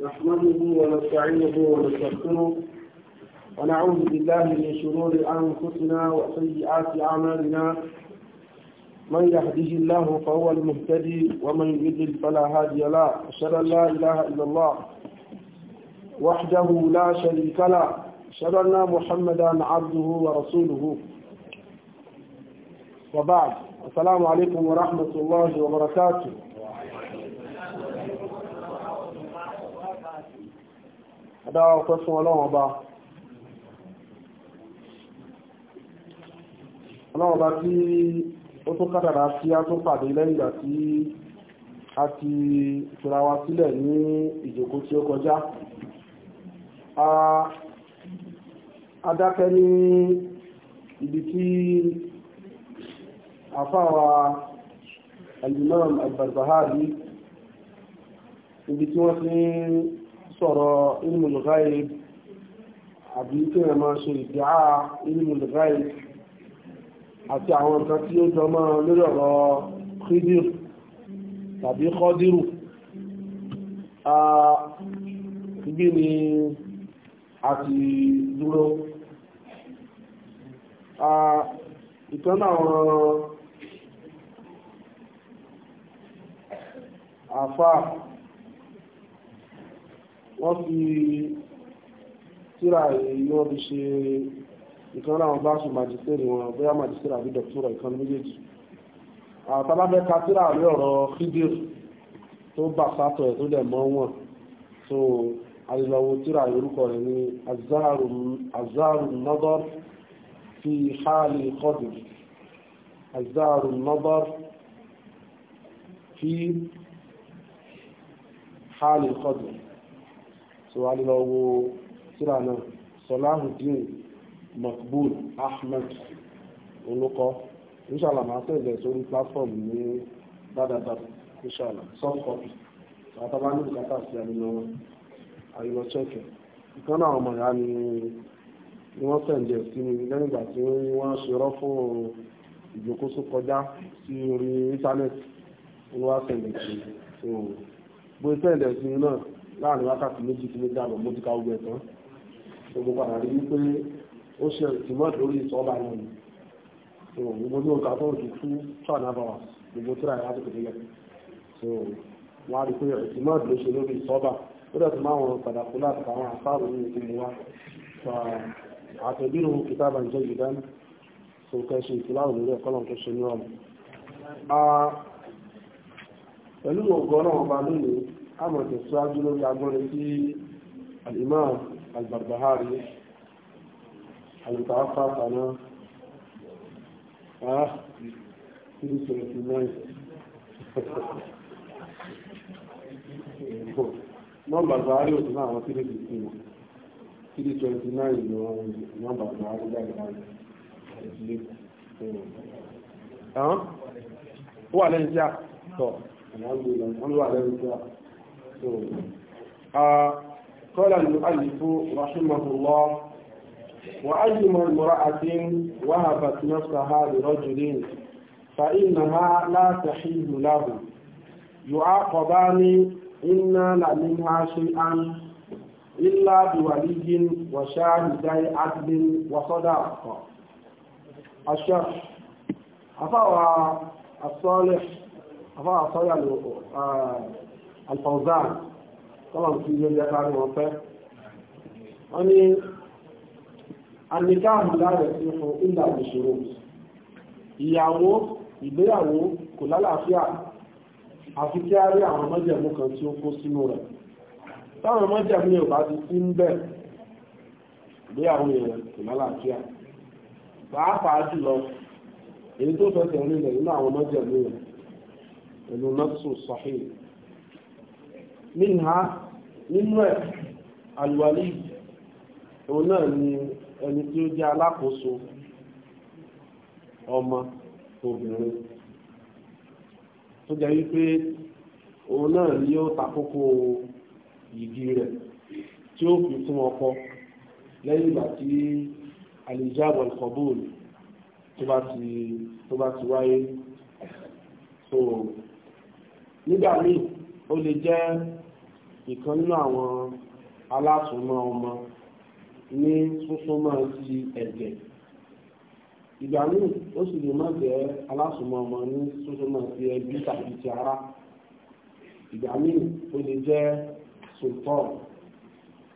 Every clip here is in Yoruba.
نحمده ونستعينه ونستغفره ونعوذ بالله من شرور أنفسنا وسيئات أعمالنا من يهده الله فهو المهتدي ومن يضلل فلا هادي له أشهد أن لا إله إلا الله وحده لا شريك له أشهد أن محمدا عبده ورسوله وبعد السلام عليكم ورحمة الله وبركاته adára ọpẹ́ fún ọlọ́run ọba ọlọ́run ọba tí ó tó kádàrá sí á tó pàdé lẹ́yìn ìgbà tí a ti tura wa sílẹ̀ ní ìjòkó tí ó kọjá adákẹ́ ní ibi tí àfáwà al-Imam al ibi tí wọ́n ti sọ̀rọ̀ ilmul ghaib àbí kí wọ́n máa ṣe ìdá ilmul ghaib àti àwọn nǹkan tí ó jọ máa lórí ọ̀rọ̀ kídìr tàbí kọ́dírù ibi ni a dúró ìtọ́nà àwọn àfáà wọ́n fi tíra èyí wọ́n fi ṣe ìkan láwọn bá ṣe màjísírì wọn bóyá màjísírì àbí dọ̀túrà ìkan méjèèjì àtàbàbẹ́ ka tíra rí ọ̀rọ̀ fídíò tó bà sátọ̀ ẹ̀ tó dẹ̀ mọ́ wọn so àlelọ́wọ́ tíra orúkọ rẹ̀ ní azaru nadar fi hali qadir azaru nadar fi hali qadir so a lè lọ wo síra náà Salahudeen Maqbul Ahmed olùkọ inshallah máa tẹ̀lé sórí platform ní dáadáa inshallah soft copy àtàbá ní bùkátà sí àlelọ àlelọ chẹ́kẹ̀ ìkan náà ọmọ ìyá ni ni wọ́n tẹ̀lé sí mi lẹ́yìn ìgbà tí wọ́n ṣe rọ́fún ìjókòó kọjá sí orí íńtánẹ́ẹ̀tì ni wọ́n tẹ̀lé sí mi bó tẹ̀lé sí mi náà láàrin wákàtí méjì tí mo dàbọ̀ mo ti ka ogun ẹ̀tàn tó mo padà rí wípé ó ṣe ìtìmọ̀ lórí ìtọ́ba náà ni so gbogbo ní òǹkà tó ń ju two two and a half hours gbogbo tíra ẹ̀ láti pèsè lẹ́kọ̀ọ́ so wọ́n á rí pé ìtìmọ̀ ló ṣe lórí ìtọ́ba ó dẹ̀ tó máa wọn padà kú láti àwọn àfáàrò ní ìpinnu wa àtẹ̀bírò kìtàbà jẹ́ ìdánù tó kẹ́ṣe ìtìláwò lórí ẹ̀kọ́lọ̀ tó ṣe ní ọ̀nà ah, pẹ̀lú ògọ́ náà ọba lónìí àmọ̀ tẹ̀síwájú lórí agbọ́nrin sí al-Imam al-Barbahari àlùtàwáfà kaná á three twenty náà àwọn three twenty ni wọ́n nọ́mbà Barbahari jáde láti ẹ̀sìn wà lẹ́yìn tí a tọ̀ àwọn àgbè wà lẹ́yìn tí a so قال المؤلف رحمه الله وأجم امرأة وهبت نفسها لرجل فإنها لا تحل له يعاقبان إنا لمنها شيئا إلا بولي وشاهدي عدل وصداقة الشرح أفوى الصالح أفوى الصالح alfawzan kọ́lọ̀ tí yóò jẹ́ kárí wọn fẹ́ wọ́n ní anìká àmàlà rẹ̀ sí fún ilẹ̀ òṣèrò ìyàwó ìgbéyàwó kò lálàáfíà àfi kí a rí àwọn mọ́jẹ̀mú kan tí ó kó sínú rẹ̀ táwọn mọ́jẹ̀mú yóò bá ti sí ń bẹ̀ ìgbéyàwó yẹn kò lálàáfíà pàápàá jùlọ èyí tó fẹsẹ̀ rí rẹ̀ nínú àwọn mọ́jẹ̀mú rẹ̀ pẹ̀lú nọ́ọ̀sù sọ̀hìn minha nínú ẹ̀ alwali òun náà ni ẹni tí ó jẹ́ alákòóso ọmọ obìnrin tó jẹ́ wípé òun náà ni ó takókó ìdí rẹ̀ tí ó fi fún ọkọ lẹ́yìn ìgbà tí alijabọ ìkọ̀bóòlù tó bá ti wáyé nígbà míì ó lè jẹ́ ìkan nínú àwọn alásùnmọ́ ọmọ ní súnsúnmọ́ ti ẹ̀jẹ̀ ìgbà míì ó sì lè má jẹ́ alásùnmọ́ ọmọ ní súnsúnmọ́ ti ẹbí tàbí ti ara ìgbà míì ó lè jẹ́ sultan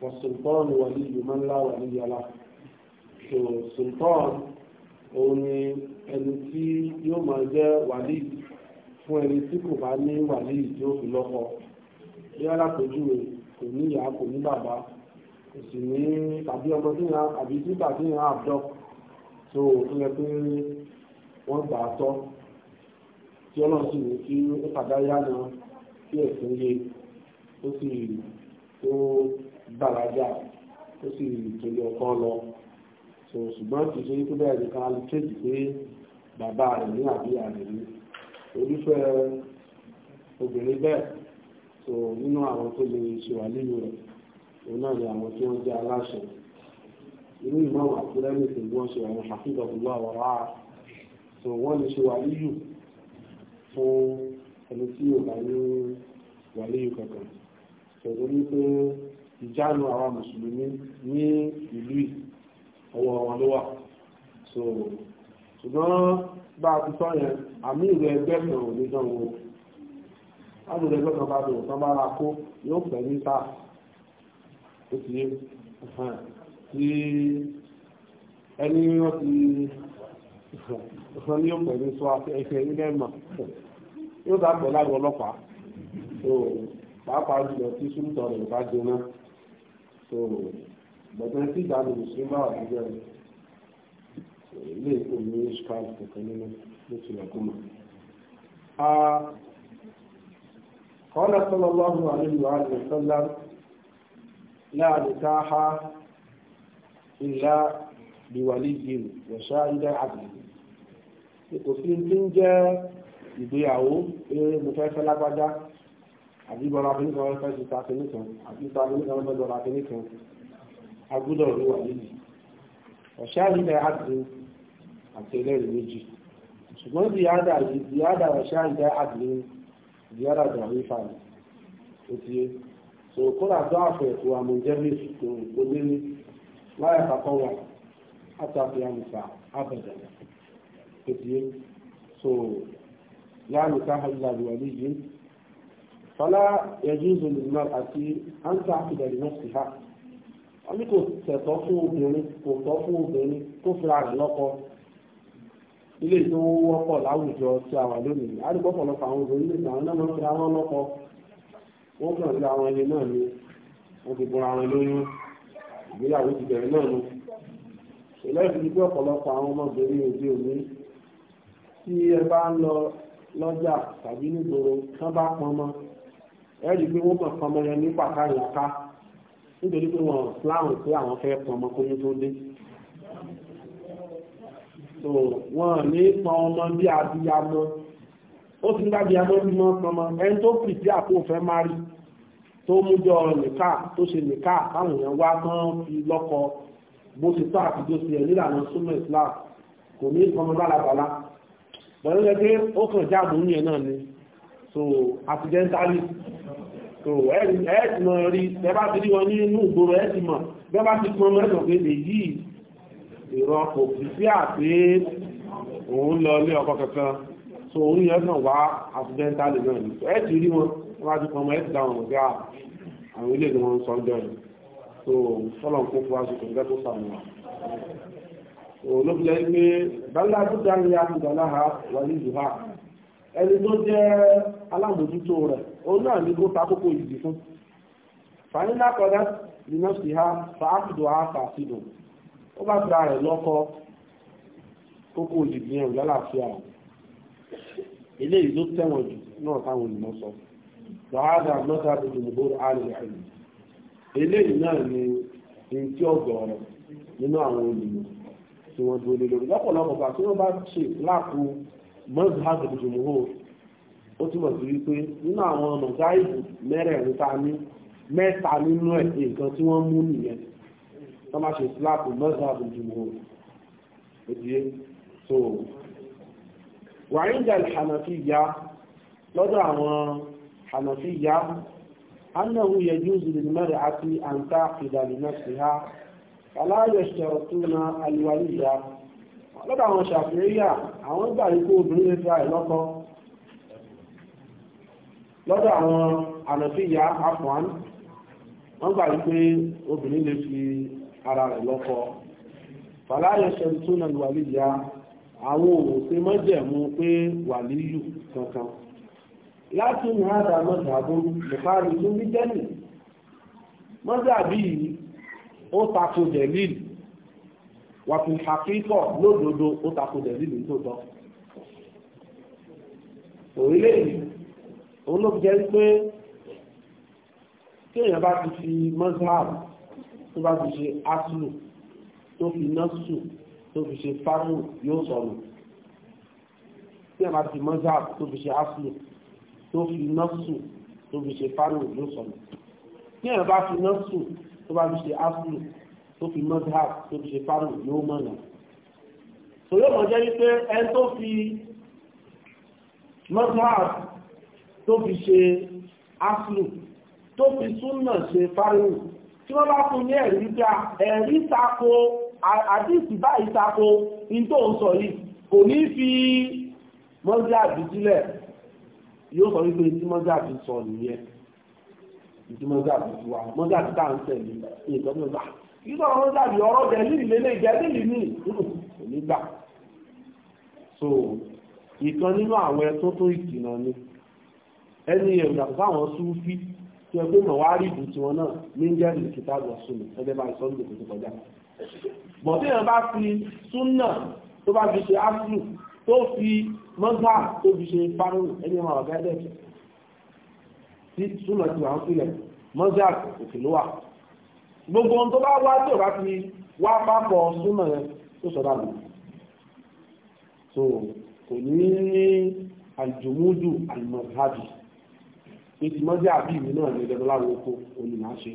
wa sultan waliyu man la waliya so sultan òun ni ẹni tí yóò máa jẹ́ wàlíì fún ẹni tí kò bá ní wàlíì tí ó fi lọ́kọ̀ọ́ yóò lápèjúwe kò ní ìyá kò ní bàbá kò sì ní tàbí ọmọ tí yàn àbí títà tí yàn àbdọ tó tó yẹ pé wọ́n gbà á tọ́ tí ọlọ́run sì ní kí ó pàdáyà náà kí ẹ̀sìn yé ó sì tó gbàlájà ó sì tẹ̀lé ọkọ lọ tó ṣùgbọ́n kì í ṣe tó bẹ́ẹ̀ nìkan alùpùpù pé bàbá rẹ̀ ní àbí àrẹ̀ ní olùfẹ́ obìnrin bẹ́ẹ̀ so nínú àwọn tó lè ṣe wà nínú rẹ̀ òun náà ni àwọn tí wọ́n jẹ́ aláṣẹ irú ìmọ̀ràn àkúrẹ́mì tí wọ́n ṣe àwọn àfihàn pẹ̀lú àwọn ará so wọ́n lè ṣe wà níyù fún ẹni tí yóò bá ní wà níyù kankan pẹ̀lú wípé ìjánu àwọn mùsùlùmí ní ìlú ọwọ́ wọn ló wà so ṣùgbọ́n bá a ti sọ yẹn àmì ìwé ẹgbẹ́ kan ò ní dánwò lábùdó ẹgbẹ́ kan bá lò tán bá ra kó yóò pẹ̀ ní sáà ó ti yé tí ẹni wọ́n ti ọ̀sán ní yóò pẹ̀ ní sọ ẹsẹ̀ ilé mọ̀ yóò dá pẹ̀ láàrin ọlọ́pàá so pàápàá jùlọ tí súnmùtọ̀ rẹ̀ bá jóná so bẹ̀tẹ̀ tí ìdáni mùsùlùmí bá wà nígbà rẹ̀ ilé ìkó ní ṣkáàlù kẹ̀kẹ́ nínú ló ti lẹ̀kùn mọ́. قال صلى الله عليه وآله وسلم لا نكاح إلا بولي وشاهد عدل kò sí tí ń jẹ́ ìgbéyàwó pé mo fẹ́ fẹ́ lágbájá àbí bọ́lá akínníkan fẹ́ ti ta akínníkan àbí ta akínníkan fẹ́ bọ́lá akínníkan agbúdọ̀ rí wà nílì ọ̀ṣẹ́ àríkẹ́ àdùn àti ẹlẹ́rìí méjì ṣùgbọ́n ìyáàdà ọ̀ṣẹ́ àríkẹ́ àdùn ziyara da haifa ne ó ti yé so kódà tó àfẹ ìwà mọ̀jẹ́bí tó gbólé ní láyà kakọ́ wa àtàkì àmìfà abẹ̀dẹ̀ o ti yé so láàmì káhà ìlànà wà níyì fọlá yajuzu lilmar'ati an ta'qida li nafsiha wọn ní kò tẹ̀tọ́ fún obìnrin kò tọ́ fún obìnrin kó fira rẹ̀ lọ́kọ ilé tó wọ́pọ̀ láwùjọ tí a wà lónìí àdúgbò ọ̀pọ̀lọpọ̀ àwọn obìnrin nígbà àwọn náà máa ń fi àwọn wọ́n kàn sí àwọn ẹni náà ni wọ́n ti bọ́ra wọn lóyún ìgbéyàwó ti bẹ̀rẹ̀ náà ni ìlẹ́yìn ti gbé ọ̀pọ̀lọpọ̀ àwọn ọmọbìnrin òde òní tí ẹ bá ń lọ lọ́jà tàbí nígboro tán bá pọn mọ́ ẹ rí i pé wọ́n kàn pọnmọ yẹn ní pàkàyàká nítorí pé wọ́n láwọn pé àwọn fẹ́ pọnmọ kóyún tó dé so wọn ní pọn ọmọ bí abiyamọ ó ti ń bá abiyamọ bí mọ́ pọnmọ ẹni tó pìtì àpò fẹ́ má rí tó mújọ nìka tó ṣe nìka táwọn èèyàn wá tán fi lọ́kọ bó ṣe tó àti bó ṣe ẹ̀ nílànà súnmọ́ Islam kò ní pọnmọ bálabàlá pẹ̀lú ẹgbẹ́ ó kàn jáàmù ní ẹ̀ náà ni so accidentally so ẹ̀ẹ́tì mọ̀ rí bẹ́ẹ̀ bá ti rí wọn ní inú ìgboro ẹ̀ẹ́tì mọ̀ bẹ́ẹ̀ bá ti pọn mọ́ ẹ̀sọ̀ pé èyí ìrọ̀ kò fi sí àti òun lọ ilé ọkọ kankan so òun yẹn kàn wá accidentally náà ní ẹ ti rí wọn wọ́n ti pọnmọ ẹ ti dáwọn ọ̀gá àwọn ilé ìdí wọn sọ jọ yìí so fọlọ̀ ń kó fún aṣọ kò ní kẹ́kọ̀ọ́ sàmù wa olóbìnrin pé bala dúdà ní akùdàláha wà ní ìlúha ẹni tó jẹ́ alámòjútó rẹ̀ òun náà ní kó takókò ìdí fún fànílà kọ́dá ní nọ́ọ̀sì ha fàákùdù ha fàásìdùn ó bá gba rẹ̀ lọ́kọ kókó òjìjì yẹn ò lálàáfíà o eléyìí ló tẹ̀wọ̀n jù náà táwọn olùmọ̀ sọ wàhálà lọ́tà ìdìbò àrùn àìlú eléyìí náà ni ní tí ọ̀gọ̀ọ̀rọ̀ nínú àwọn olùmọ̀ tí wọ́n dúró lé lórí lọ́pọ̀lọpọ̀ bá tí wọ́n bá ṣe láàpù mọ́sáàbù ìdìbò ó túmọ̀ sí wípé nínú àwọn mọ̀sáàbù mẹ́rẹ̀ẹ̀rin ta ní mẹ́ta nínú ẹ̀ nǹkan tí wọ́n mú nìyẹn tó máa ṣe slap mọ́sán àbójúmọ́ òdìye so wàyíǹdà hànàfíyà lọ́dọ̀ àwọn hànàfíyà annahu yajuzu lil mar'ati an taqida li nafsiha fala yashtaratuna al waliya lọ́dọ̀ àwọn ṣàfihàn àwọn gbà ikú obìnrin lè fẹ́ àìlọ́kọ́ lọ́dọ̀ àwọn Afwan, afọ́n wọ́n gbà wípé obìnrin lè fi ara rẹ̀ lọ́kọ fàlàyé ṣẹ̀ntúnà ya, àwọn òwòsí mọ́jẹ̀mú pé wàlíyù kankan láti ní àdá mọ́jàbó bùkárí ló ní jẹ́nì mọ́jàbí ó tako dẹ̀lìl wàfin àkíkọ̀ lódodo ó tako dẹ̀lìl nítòótọ́ òrílẹ̀ èdè olóògbé pé kéèyàn bá ti fi mọ́jàbó tó bá fi ṣe aslu tó fi nọ́sù tó fi ṣe fámù yóò sọnù tí a máa fi mọ́sáàbù tó fi ṣe aslu tó fi nọ́sù tó fi ṣe fámù yóò sọnù tí a bá fi nọ́sù tó bá fi ṣe aslu tó fi mọ́sáàbù tó fi ṣe fámù yóò mọ̀nà. sòyó mọ̀ jẹ́ wípé ẹni tó fi mọ́sáàbù tó fi ṣe aslu tó fi súnà ṣe fámù tí wọ́n bá fún ní ẹ̀rí bí ẹ̀rí tako àdíìsì báyìí tako in tó ń sọ yìí kò ní fi mọ́jà àbí sílẹ̀ yóò sọ wípé tí mọ́jà àbí sọ nìyẹn ìdí mọ́jà àbí wa mọ́jà àbí tá à ń tẹ̀lé ní ìtọ́jú ọgbà kí sọ̀rọ̀ mọ́jà àbí ọ̀rọ̀ jẹ́lí ìlélẹ̀ jẹ́lí ìní kò ní gbà so ìkan nínú àwọn ẹ̀tọ́ tó ìkìnà ni ẹni ẹ̀rù yàtọ̀ sáwọn súnfí tí ẹgbẹ́ mọ̀ wá rí ìdù tiwọn náà ní ń jẹ́rìí kìtà lọ súnmù ẹgbẹ́ bá sọ nílò tó kọjá. bọ̀ tí èèyàn bá fi súnà tó bá fi ṣe áṣù tó fi mọ́tà tó fi ṣe fárúù ẹni wọn ọ̀gá ẹ̀dẹ̀ tí súnà ti wà ń filẹ̀ mọ́tà òkè ló wà. gbogbo ohun tó bá wá tí ò bá fi wá pápọ̀ súnà rẹ tó sọ dànù. so kò ní ní àjùmúdù àlùmọ̀tàbí pé ti mọ́jẹ́ àbí mi náà ní ẹ̀dọ́ láwọn oko òní máa ṣe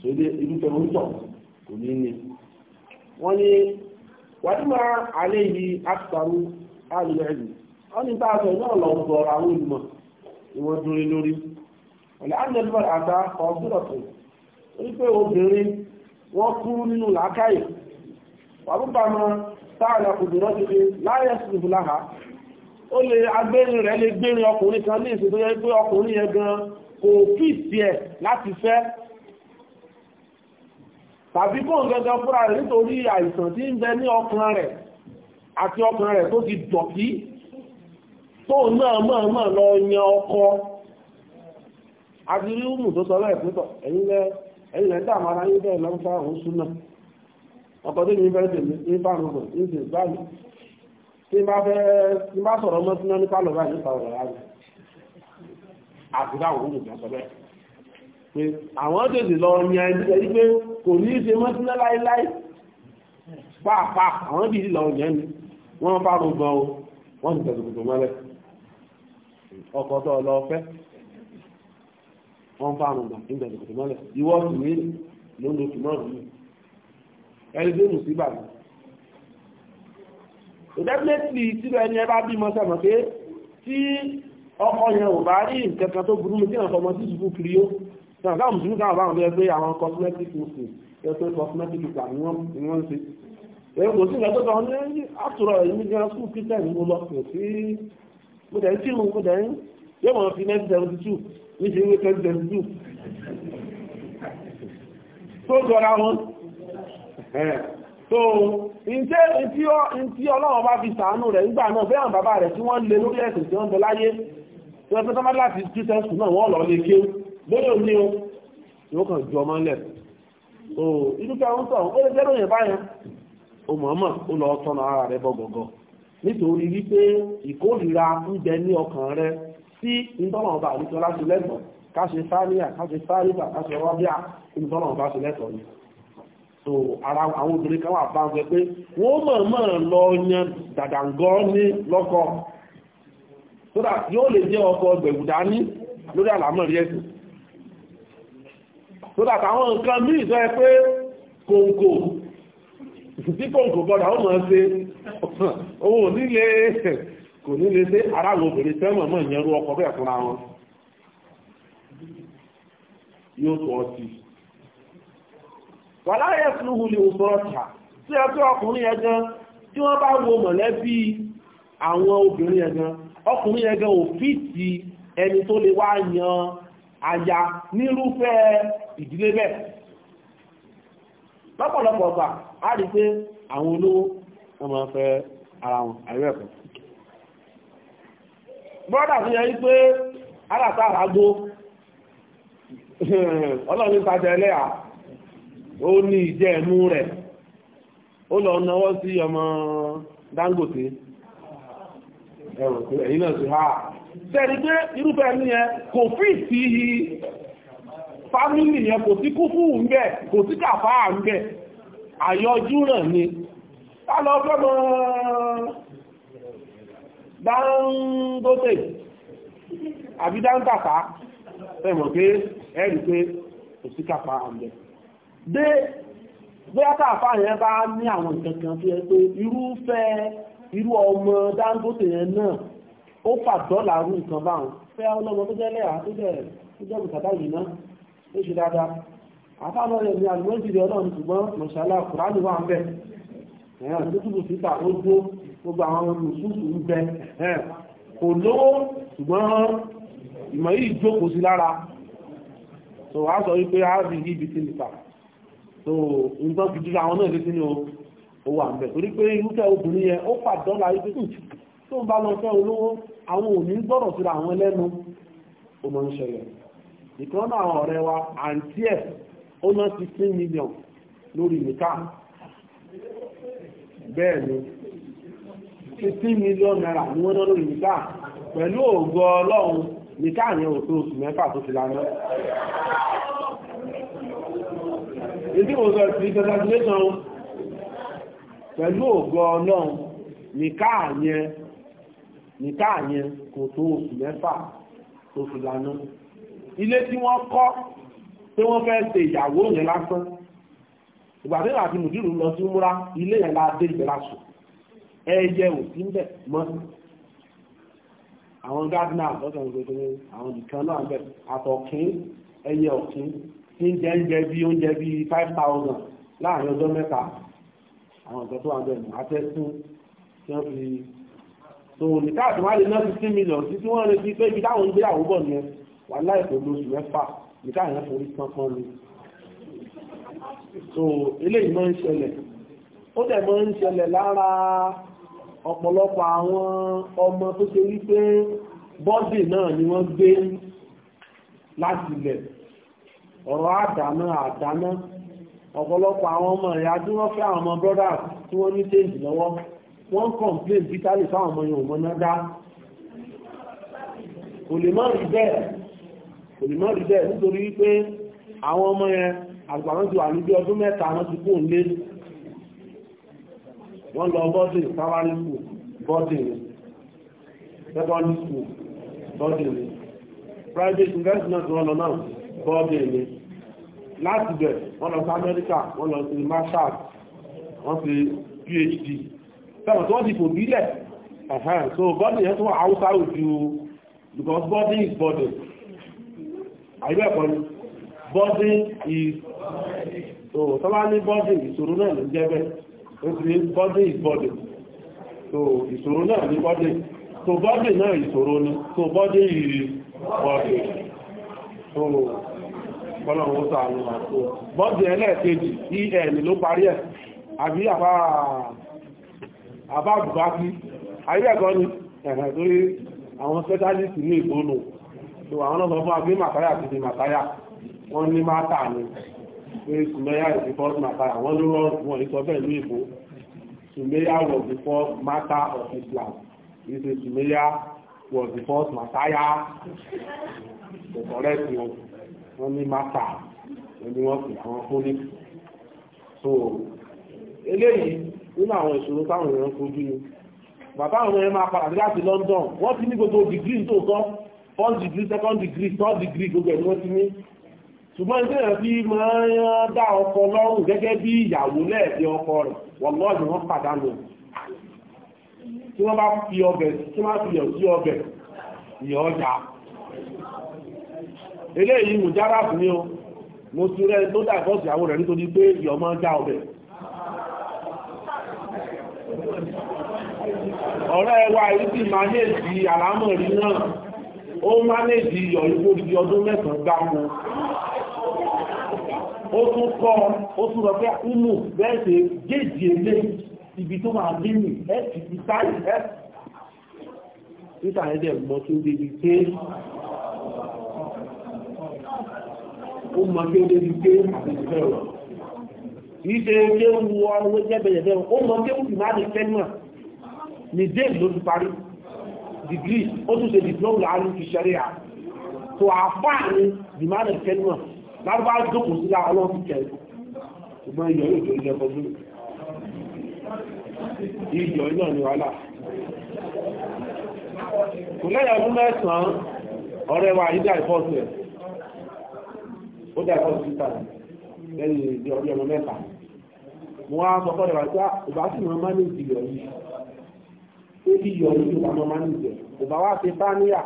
tó dé irúfẹ́ oúnjẹ kò ní ní. wọ́n ní wàdúmọ̀ alẹ́ yìí àtàrú àlùmẹ́rì wọ́n ní bá a sọ náà lọ bọ̀ àwọn olùmọ̀ ni wọ́n dúró lórí. ọ̀lẹ́ àjẹmọ́ àgbà ọ̀gbọ́dọ̀ tó wípé obìnrin wọ́n kú nínú làákàyè wàbúbàmọ́ táàlà kùdùrọ́ ti ó lè agbérin rẹ̀ lè gbérin ọkùnrin kan ní ìsìn tó yẹ pé ọkùnrin yẹn gan kò kí sí ẹ̀ láti fẹ́ tàbí kó ń gangan fúnra rẹ̀ nítorí àìsàn tí ń bẹ ní ọkùnrin rẹ̀ àti ọkùnrin rẹ̀ tó ti dọ̀tí tó náà mọ̀ọ́mọ̀ lọ yan ọkọ tó sọ ẹ̀yìn yín bẹ́ẹ̀ ọkọ̀ tó ní bẹ́ẹ̀ tí bá fẹ́ tí bá sọ̀rọ̀ mọ́ sí lọ́ní pálọ̀ báyìí nípa ọ̀rọ̀ rárá àbúrò àwọn olùgbà sọ bẹ́ẹ̀ pé àwọn tètè lọ ní ẹni pé kò ní í ṣe mọ́ sí láéláé pàápàá àwọn dìdí lọ ní ẹni wọ́n bá gan o wọ́n sì tẹ̀sùn kùtù mọ́lẹ̀ ọkọ̀ tó lọ fẹ́ wọ́n bá gan ní tẹ̀sùn kùtù mọ́lẹ̀ ìwọ́ sì ní lóńdó tùmọ̀ rẹ̀ ẹni tó mù sí bàbá definitely síbẹ̀ ẹni ẹ bá bímọ sẹ́mọ̀ pé tí ọkọ yẹn ò bá rí nǹkan kan tó burú mi tí àwọn ọmọ sí ìṣubú kiri ó sọ̀rọ̀ káwọn mùsùlùmí káwọn bá wọn bẹ́ẹ̀ pé àwọn cosmetic muslim ẹ̀sọ́ cosmetic islam ni wọ́n ń ṣe èyí kò sí ìgbàgbọ́ kan ní àtúrọ̀ èmi gan school christian mo lọ kò sí mo dẹ̀ ń kí mo dẹ̀ ń yẹ so ǹjẹ́ ǹtí ọlọ́run bá fi sàánú rẹ̀ nígbà náà bẹ́ẹ̀ bàbá rẹ̀ tí wọ́n lè lórí ẹ̀sìn tí wọ́n bẹ láyé tí wọ́n pẹ́ sọ́mọ́ láti jesus náà wọ́n lọ lè ké lórí òní o ìwọ́n kan ju ọmọ lẹ̀ so ìdúkẹ́ ọ̀hún sọ̀rọ̀ ó lè jẹ́ lóyìn báyẹn o mọ̀ọ́mọ̀ ó lọ tọ́nà ara rẹ̀ bọ́gọ̀gọ̀ nítorí wípé ìkórìíra ń bẹ ní ọkàn rẹ̀ sí ìtọ́lọ̀run bá àlùtọ́ láti lẹ́tọ̀ọ́ ká ṣe sáríà ká ṣe sáríà ká ṣe rọ́bíà ìtọ́lọ̀run bá ṣe lẹ́tọ̀ọ́ ni so ara àwọn obìnrin kan wà bá ń sọ pé wọ́n mọ̀ọ́mọ̀ lọ yan dàdàngọ́ ní lọ́kọ̀ so that yóò lè jẹ́ ọkọ̀ gbẹ̀wù dání lórí àlámọ̀ rí ẹ̀sìn so that àwọn nǹkan míì sọ pé kòǹkò tí kòǹkò gbọ́dọ̀ ó mọ̀ ṣe òun nílé kò nílé sí aráàlú obìnrin tẹ́ mọ̀ọ́mọ̀ yẹn rú ọkọ̀ bẹ́ẹ̀ fúnra wọn yóò tọ́ ọtí wà láyé fúnúhù lè òmọ́rọ̀ta tí ẹgbẹ́ ọkùnrin ẹgan tí wọ́n bá wo mọ̀lẹ́bí àwọn obìnrin ẹgan ọkùnrin ẹgan ò fìtì ẹni tó lè wá yan aya nírúfẹ́ ìdílé bẹ́ẹ̀ lọ́pọ̀lọpọ̀ ọgbà á rí pé àwọn olówó wọ́n máa fẹ́ ara wọn àìrẹ́ ẹ̀kọ́ bọ́dà fi ó ní ìjẹ́ ẹ̀mú rẹ̀ ó lọ náwọ́ sí ọmọ Dangote ẹ̀rọ pé ẹ̀yìn náà sí ha sẹ́ni pé irúfẹ́ ẹni yẹn kò fi sí i fámílì yẹn kò sí kúfù ń bẹ̀ kò sí kàfà ń bẹ̀ àyọjú ràn ni ká lọ fọ́mọ Dangote àbí Dangata ẹ̀mọ̀ pé ẹ̀rì pé kò sí kàfà ń bẹ̀ dé bóyátà fáyẹn bá ní àwọn ìkankan fi ẹ pé irúfẹ́ irú ọmọ Dangote yẹn náà ó fà dọ́là rú nǹkan báwọn fẹ́ ọlọ́mọ tó jẹ́ lẹ́yà tó jẹ́ tó jẹ́ bùkátà yìí náà ó ṣe dáadáa àfáàlọ́ rẹ̀ ní àlùmọ́jìdì ọlọ́run ṣùgbọ́n mọ̀ṣálá kùránì wà ń bẹ̀ ẹ̀yàn tó túbù síta ó dó gbogbo àwọn mùsùlùmí ń bẹ kò lówó ṣùgbọ́n ìmọ̀ yìí jókòó sí lára tó wàá sọ wípé áàbì yìí bí tìlìpà so nǹkan gidi àwọn náà létí o wà torí pé irúfẹ́ obìnrin yẹn ó pàdánlá yìí tuntun tó ń bá lọ fẹ́ olówó àwọn òní gbọ́dọ̀ síra àwọn lẹ́nu ó mọ̀ ìkan náà àwọn ọ̀rẹ́ wa àǹtí ẹ̀ ó ná sixteen million lórí nìka bẹ́ẹ̀ ni sixteen million naira ni wọ́n ná lórí nìka pẹ̀lú ògo ọlọ́run nìka yẹn ò tó oṣù mẹ́fà tó ti ìdí mo sọ sí congratulation pẹ̀lú ògo ọlọ́run nìkáà yẹn nìkáà yẹn kò tó oṣù mẹ́fà tó fi lànà ilé tí wọ́n kọ́ pé wọ́n fẹ́ ṣe ìyàwó yẹn lásán ìgbà tí àti mùdírù lọ sí múra ilé yẹn la dé ìbẹ̀rẹ̀ sùn ẹyẹ ò sí bẹ̀ mọ́ àwọn gardeners lọ́sàn-án gbogbo àwọn nìkan náà bẹ̀ àtọ̀kín ẹyẹ ọ̀kín tí ń jẹ oúnjẹ bí oúnjẹ bí five thousand láàrin ọjọ́ mẹ́ta àwọn ọ̀dọ́ tó wà bẹ̀rẹ̀ àtẹ́ fún tí wọ́n fi so ní káàtì wọ́n lè ná fifteen million sí tí wọ́n retí pé ibi táwọn ń gbé àwòbọ̀ yẹn wà láìpẹ́ lóṣù mẹ́fà ní káàtì wọ́n forí pọ́npọ́n ni so eléyìí máa ń ṣẹlẹ̀ ó dẹ̀ máa ń ṣẹlẹ̀ lára ọ̀pọ̀lọpọ̀ àwọn ọmọ tó ṣe wípé bọ́dì náà ni wọ́n gbé láti ilẹ̀ ọ̀rọ̀ àdáná àdáná ọ̀pọ̀lọpọ̀ àwọn ọmọ ìyá tí wọ́n fẹ́ àwọn ọmọ brọ́dà tí wọ́n ní téèjì lọ́wọ́ wọ́n kọ̀m̀plé bítálì fáwọn ọmọ yòó mọ́ náà dá kò lè má rí bẹ́ẹ̀ kò lè má rí bẹ́ẹ̀ nítorí wípé àwọn ọmọ yẹn àgbà wọn ti wà ní bí ọdún mẹ́ta wọn ti kú òǹlé wọ́n lọ bọ́dìn sáwárí school bọ́dìn secondary school bọ́dìn private investment wọn lọ náà bọ́dìn láti bẹ̀ wọ́n lọ sí Amẹ́ríkà wọ́n lọ sí Masters wọ́n sí PhD sẹ́wọ̀n tí wọ́n ti fò bílẹ̀ ẹ̀hẹ́n so body yẹn tún haúsá òjú because body is body àyíbẹ̀ ẹ̀kọ́ ni body is so tọ́lá ní body ìṣòro náà ló jẹ́ bẹ́ẹ̀ ó ti ní body is body so ìṣòro náà ní body so body náà ìṣòro ni so body is body so kọ́nà ó sọ àwọn àtò bọ́ọ̀dì ẹlẹ́ẹ̀kejì en ló parí ẹ̀ àbí àbá àbùbákí ayé ẹ̀kọ́ ni ẹ̀hẹ̀ tó rí àwọn specialist ní ìgbónú tó àwọn náà sọ fún agbé màtáyà ti di màtáyà wọ́n ní mátà ni pé sùmẹ́yà is the first màtáyà wọ́n ló rọ́n wọn ìsọ bẹ́ẹ̀ ní sùmẹ́yà was the first mátà of Islam ìṣe sùmẹ́yà was the first màtáyà kò kọ̀rẹ́ sí wọ́n ní mata ni wọ́n pè àwọn fúnni so eléyìí nínú àwọn ìṣòro táwọn èèyàn kojú ni bàbá àwọn èèyàn máa padà láti London wọ́n ti ní gbogbo degree tó kọ́ first degree second degree third degree gbogbo ẹ̀ ni wọ́n ti ní ṣùgbọ́n ilé rẹ̀ fi máa ń dá ọkọ lọ́rùn gẹ́gẹ́ bí ìyàwó lẹ́ẹ̀dẹ́ ọkọ rẹ̀ wọ́n lọ́ọ̀dù wọ́n pàdánù tí wọ́n bá fi ọbẹ̀ tí wọ́n bá fi ọ̀ sí ọbẹ̀ ìyọ̀ ọjà eléyìí mú jára fún mi o mo tún rẹ tó dà bọ́ọ̀sì àwọn rẹ̀ nítorí pé ìyọ̀mọ́ já ọbẹ̀ ọ̀rẹ́ wa yìí manéjì àlámọ̀rí náà ó manéjì iyọ̀ ìwò ìdí ọdún mẹ́sàn-án gbámu ó tún kọ́ ó tún rọ pé bẹ́ẹ̀sẹ̀ géèjì èlé ibi tó máa dé nì ẹ́ ti ó mọ kí ó débi pé àtẹ̀sẹ̀ rọ̀ kìí ṣe kí ó wọ owó jẹ́bẹ̀yẹ̀bẹ̀ ó mọ kí ó sì máa lè fẹ́mọ̀ ní dé ló ti parí dìgírì ó tún ṣe dìplọ́mù láàrin fi ṣẹlẹ̀ à tó àfáà ni dìmáà lè fẹ́mọ̀ lárúbá jókòó sí lára ọlọ́run kẹ ṣùgbọ́n iyọ̀ yóò tó ilé ẹ̀kọ́ gbé iyọ̀ náà ni wàhálà kò lẹ́yìn ọdún mẹ́sàn-án ọ̀rẹ́ wa ìdá ìfọ́sẹ̀ ó dà ẹ̀kọ́ sí tà lẹ́yìn ìdí ọdún ọmọ mẹ́ta mo wá sọ fọ́dọ̀ wá pé ọba sì máa máa ní ìdìyọ̀ yìí ó bí yọ̀ yìí ọba máa máa ní ìdìyọ̀ ọba wá ṣe sáníyà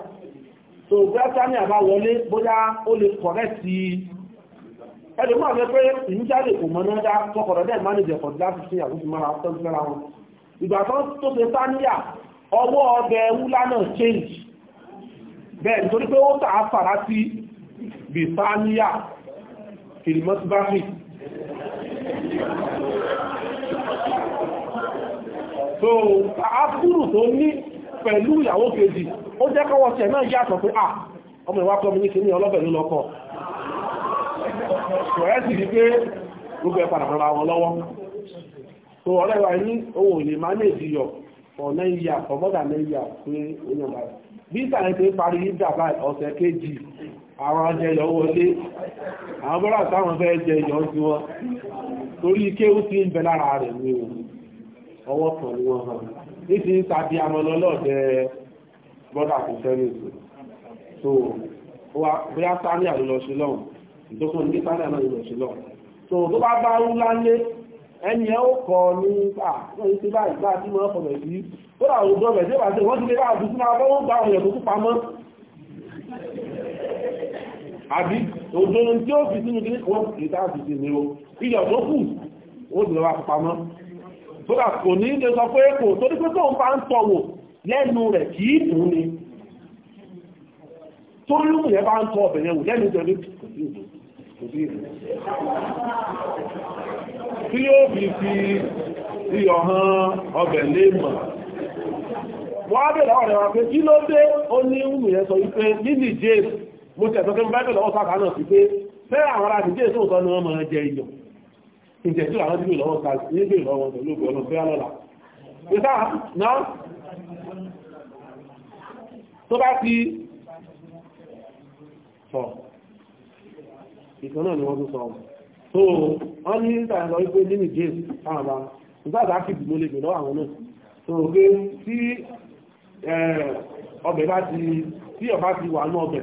so bẹ́tánìyà bá wọlé bóyá ó lè kọ̀rẹ́tì ẹni máa fẹ́ pé ìníjáde kò mọ́ náà dá tọkọ̀rọ̀ dẹ́ manager for the last fifteen years ó ti mára lára wọn ìgbà tó tó ṣe sáníyà ọwọ́ ọbẹ̀ wúlá náà change bẹ́ẹ̀ nítorí pé ó tà á fàrá sí bìtáníyà fìlìmọ́síbáfì so àápùrù tó ní pẹ̀lú ìyàwó kejì ó jẹ́ kọwọ́ tẹ̀ náà yàtọ̀ pé à ọmọ ìwà kọ́ mi ní kìíní ọlọ́bẹ̀ ló lọ́kọ̀ ṣọ̀rẹ́ sì di pé gbogbo ẹ̀pàdà rọra wọn lọ́wọ́ so ọ̀rẹ́ wa ní owó lè máa ní ìdíyọ̀ for nine years for more than nine years pé ó yàn báyìí bí ìtàn àwọn ajẹyọ wọlé àwọn bọ́rà táwọn fẹ́ jẹyọ sí wọn torí ike ó ti ń bẹ lára rẹ̀ ní o ọwọ́ kan ni wọ́n hàn ní ti ń tàbí amọ̀nà bọ́dà kò fẹ́rẹ̀ ní ẹni ẹ ó kọ ní àwọn ìṣe báyìí bá tí wọ́n fọ̀mẹ̀ sí ó rà òun gbọ́mẹ̀ tí wọ́n ti lè bá àdúgbò máa bọ́wọ́ gbà àwọn èèyàn àbí òjò tí ó fi sínú kíní wọ́n kì í tá àti ìsinmi o ìyọ̀ tó kù ó sì lọ́wọ́ pamọ́ tó dà kò ní lè sọ pé kò torí pé tóun bá ń tọ̀wọ̀ lẹ́nu rẹ̀ kì í dùn ni torí lókù yẹn bá ń tọ ọbẹ̀yẹn wò lẹ́nu tẹ̀lé kò sí ìdùn kò sí ìdùn tí ó fi fi iyọ̀ hàn ọbẹ̀ lé mọ̀ wọ́n á bèèrè àwọn ẹ̀rọ pé kí ló dé ó ní ìwùmù yẹn sọ wípé nílì james mo tẹ̀sọ́ pé báyìí lọ́wọ́ sáka náà sí pé fẹ́rẹ̀ àwọn ará ìdíje tó ni wọ́n máa jẹ iyọ̀ ìjẹ̀sí àwọn ìdíje lọ́wọ́ sáka ní ìgbè lọ́wọ́ tó ló lè gbè lọ́wọ́ bá ti wà ní ọbẹ̀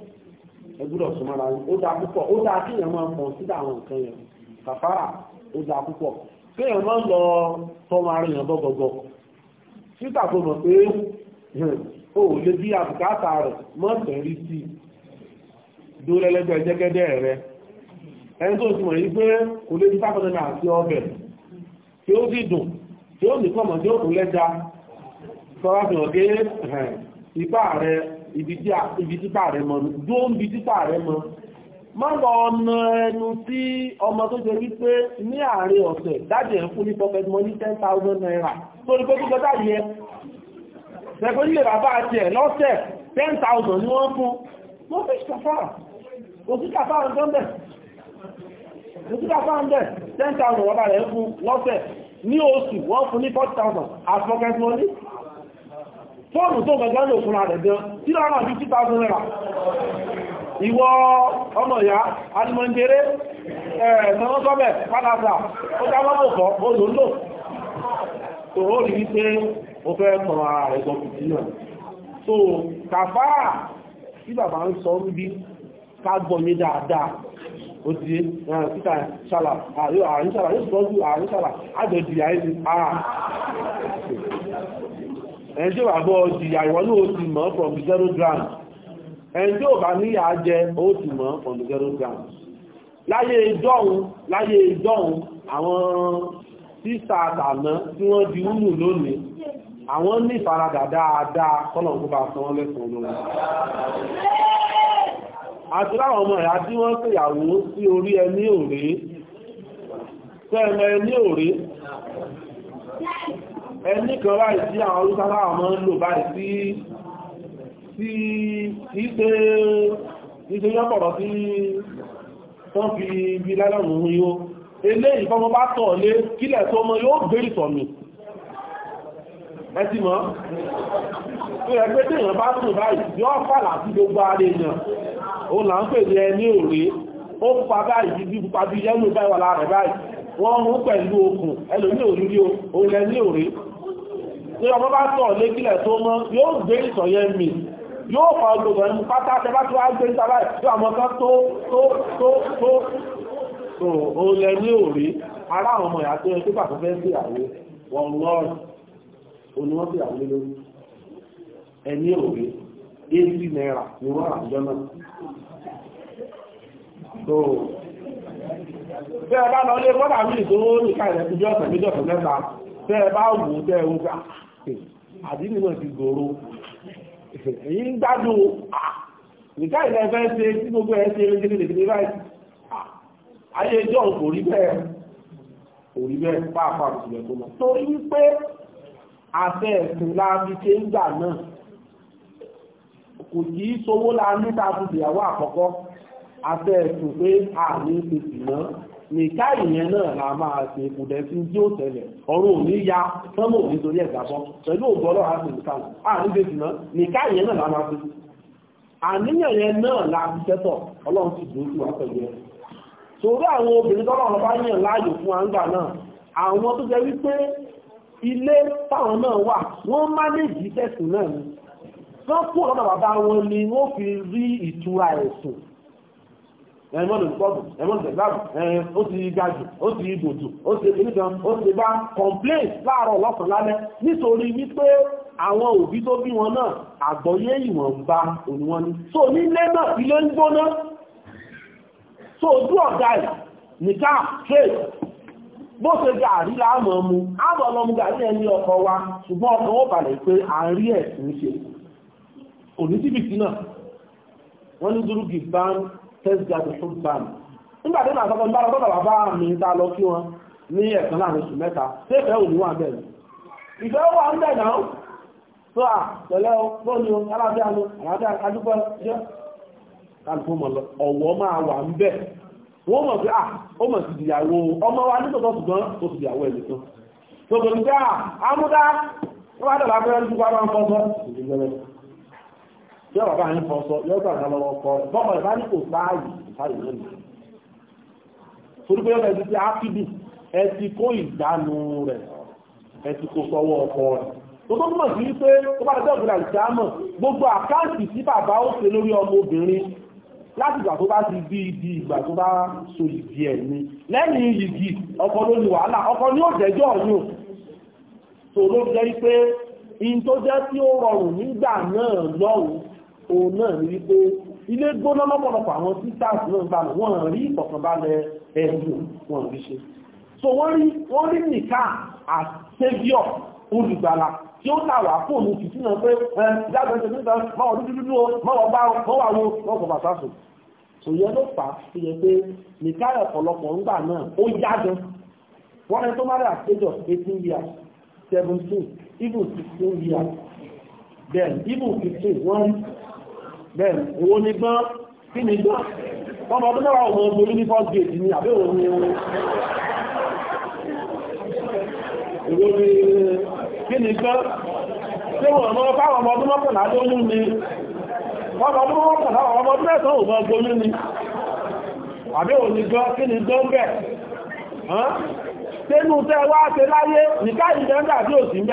ẹ súnmọ́ra wọn ó dáa púpọ̀ ó dáa kí èèyàn máa pọ̀ sídà àwọn nǹkan yẹn kàfàrà ó dáa púpọ̀ kí èèyàn máa ń lọ tọmọ ara èèyàn bọ́gọ̀gọ̀ títà tó mọ̀ pé ó lè bí àbùkátà rẹ̀ mọ́tẹ̀ rí sí i dúró jẹ́gẹ́dẹ́ rẹ̀ ẹni tó ti mọ̀ yí pé kò lè dípá fọ́nà àti ọbẹ̀ tí ó sì dùn tí ó nìkan mọ̀ tí ó kù lẹ́ja sọ́wọ́ fi hàn gé ipá rẹ̀ ibi títà rẹ̀ mọ̀ dúó ń bi títà rẹ̀ mọ̀ má lọ ọ̀nà ẹnu tí ọmọ tó ṣe wípé ní àárín ọ̀sẹ̀ dájẹ̀ ń fún ní pocket money ten thousand naira tó ní pé tó gbọ́dá yẹn ṣẹ̀kọ́ nílé bàbá àti ẹ̀ lọ́sẹ̀ ten thousand ni wọ́n fún wọ́n fi ṣàfáà òsì ṣàfáà ń tọ́ńbẹ̀ òsì ṣàfáà ń bẹ̀ ten thousand bàbá rẹ̀ ní oṣù wọ́n fún ní four as pocket money fóònù tó gbogbo lò fún ààrẹ̀ gan tí lọ́nà bí 2000 naira ìwọ ọmọ ìyá alimọ̀njẹrẹ ẹ̀ẹ̀sọ́nọ́sọ́bẹ̀ pálásà ó dámọ́bọ̀kọ́ olóńdò tó rí wípé ó fẹ́ tọrọ ara rẹ̀ títà ṣàlà àríṣàlà yóò sọ́jú àríṣàlà àjọ̀dì àìsí ẹni tí ó bá bọ́ jìyà ìwọ náà ó ti mọ̀ from the zero ground ẹni tí ó bá níyà jẹ ó ti mọ̀ from the zero ground láyé ìjọ́hun láyé ìjọ́hun àwọn sísà àtàná tí wọ́n di húnù lónìí àwọn ní ìfaradà dáadáa kọ́nà kó bá san wọ́n lẹ́sùn olóòrùn àtúráwọn ọmọ ìyá tí wọ́n pèyàwó sí orí ẹni òré tẹ́ẹ̀mọ ẹni kan láì sí àwọn olúsára àmọ́ ń lò báyìí sí ìṣe yọ́pọ̀rọ̀ sí tán fi bí lálẹ́mù ohun yóò elé ìfọ́mọ́ bá tọ̀ lé kílẹ̀ tó mọ́ yóò gbé ìtọ̀mì ẹtì mọ́ tó yẹ pé téèyàn bá sùn báyìí yóò fàlà sí gbogbo ara èèyàn ó là ń pè ní ẹni ó pupa báyìí bí pupa bí yẹ́lò báyìí wọ́n mú pẹ̀lú okùn ẹlòmí òrí orí o òun ẹni ní ọmọ bá tọ̀ lé kílẹ̀ tó mọ́ yóò gbé ìtọ̀ yẹn mì yóò fa ọgbọ̀gbọ̀ ẹnu pátá tẹ́bá tó wá gbé ń sábà yóò àmọ́ kan tó tó tó tó tó o lẹ ní òrí ará àwọn ọmọ ìyá tó yẹ tó bàtọ́ fẹ́ sí ìyàwó wọn lọ́rùn òní wọ́n sí ìyàwó lé lórí ẹni òrí eighty naira ni wọ́n rà jọ náà tó bẹ́ẹ̀ bá lọ lé bọ́dà míì tó ní káyọ̀ ẹ̀kú bí ọ̀sẹ̀ méjì ọ̀sẹ̀ mẹ́ta bẹ́ẹ̀ bá wù tẹ́ ẹ̀ àdínì náà ti gòrò èyí ń gbádùn nìka ìlẹ̀ fẹ́ ṣe tí gbogbo ẹ̀ ṣe lókè lè fi láì ayé ẹjọ́ kò rí bẹ́ẹ̀ kò rí bẹ́ẹ̀ pàápàá kò tilẹ̀ tó lọ torí wípé àṣẹ ẹ̀sìn la fi ṣe ń gbà náà kò kì í sowó la níta fi ìyàwó àkọ́kọ́ àṣẹ ẹ̀sìn pé àní ti sì náà nìka ìyẹn náà la máa ṣe kò tí ó tẹ̀lẹ̀ ọ̀run òní ya sọ́mọ̀ òní torí ẹ̀gbà bọ́ pẹ̀lú ògbọ́lọ́ àti nìka àrídé sí náà nìka ìyẹn náà la máa ṣe àníyàn yẹn náà la fi tẹ́tọ̀ ọlọ́run sì dúró sí wa pẹ̀lú ẹ̀ torí àwọn obìnrin tọ́lọ́run bá yàn láàyò fún àǹgbà náà àwọn tó jẹ́ wípé ilé táwọn náà wà wọ́n mánéjì tẹ̀sùn náà ni wọ́n kú ọ̀dọ̀ bàbá wọn ni wọ́n fi rí ìtura ẹ̀sùn ẹ̀mọ́nù ìpọ́bù ẹ̀mọ́nù ìgbàbù ẹ̀yìn ó ti gajù ó ti ìdòjù ó ti ìgbìyàn ó ti bá complain láàárọ̀ lọ́sàn lálẹ́ nítorí wípé àwọn òbí tó bí wọn náà àgbọ́yé ìwọ̀nba òní wọn ni so nílé náà ilé ń gbóná so ojú ọ̀gá ẹ̀ nìka trade bó ṣe gàrí láàmọ̀ mu àbọ̀ lọ́mú gàrí ẹni ọkọ̀ wa ṣùgbọ́n ọkàn ó balẹ̀ pé à ń rí ẹ̀sìn ṣe òní síbìtì náà wọ́n ní dúró gìbán tẹ́sítì àti fúlùtàn nígbà tí màá sọ́kọ́ nígbà lọ́dọ̀ bàbá mi ta lọ kí wọn ní ẹ̀sán láàrin oṣù mẹ́ta tí ìfẹ́ òní wà bẹ̀rẹ̀ ìfẹ́ wà ń bẹ̀ náà tó à pẹ̀lẹ́ o bóni o aláàbíà ló àlàáfíà adúgbò jẹ́ kálùkù mọ̀ lọ ọ̀wọ́ máa wà ń bẹ̀ wọ́n mọ̀ sí à ó mọ̀ sí ìyàwó ọmọ wa nítòtọ́ ṣùgbọ́n ó sì ìyàwó ẹ̀ nìkan tòkòtò à amúdá wọ́n bá dàgbà fẹ́rẹ́ tí ọ bàbá yín fọsọ yóò gbà ká lọ́wọ́ kọ rẹ̀ bọ́mọ rẹ̀ bá ní kò sáàyè ìsáyè lónìí torí pé ọ̀rẹ́ ti ti ápìdì ẹ ti kó ìdánu rẹ̀ ẹ ti kó sọwọ́ ọkọ rẹ̀ tó tó túmọ̀ sí wípé tó bá dẹ́gbẹ̀rẹ̀ ìgbà ìdámọ̀ gbogbo àkáǹtì tí bàbá ó ṣe lórí ọmọ obìnrin láti ìgbà tó bá ti bí ibi ìgbà tó bá so ìdí ẹ̀ ni lẹ́yìn ìyìgì ọkọ ló ní wàhálà ọkọ ni ó jẹ́jọ́ ọ̀yún tó ló jẹ́ pé in tó jẹ́ tí ó rọrùn nígbà náà lọ́rùn òun náà ní wípé ilé gbóná lọ́pọ̀lọpọ̀ àwọn sisters náà gbà náà wọ́n rí ìfọ̀kànbalẹ̀ ẹ̀dùn wọn rí ṣe so wọ́n rí wọ́n rí nìka as saviour olùgbàlà tí ó tà wá fóònù títí náà pé ẹ jáde ẹsẹ̀ nígbà máa dúdú dúdú o máa bá wọn wà wo wọn kò bàtà sùn so yẹn ló fà á fi yẹ pé nìka ọ̀pọ̀lọpọ̀ ńgbà náà ó yá gan wọ́n rẹ tó má rà stage eighteen years seventeen even sixteen years then even fifteen wọ́n bẹ́ẹ̀ owó ní gbọ́n kí ni gbọ́n ọmọ ọdún mẹ́wàá ọmọ ọmọ orí ní first gate ni àbẹ́ òun ni owó ní kí ni gbọ́n tí wọ́n mọ́ fáwọn ọmọ ọdún mọ́kànlá lóyún ni ọmọ ọdún mọ́kànlá ọmọ ọdún mẹ́sàn-án ọmọ ọgbọ́n lóyún ni àbẹ́ tẹ́nu tẹ́ wá ṣe láyé nìkáyìí jẹ́ ń dàbí òsì ń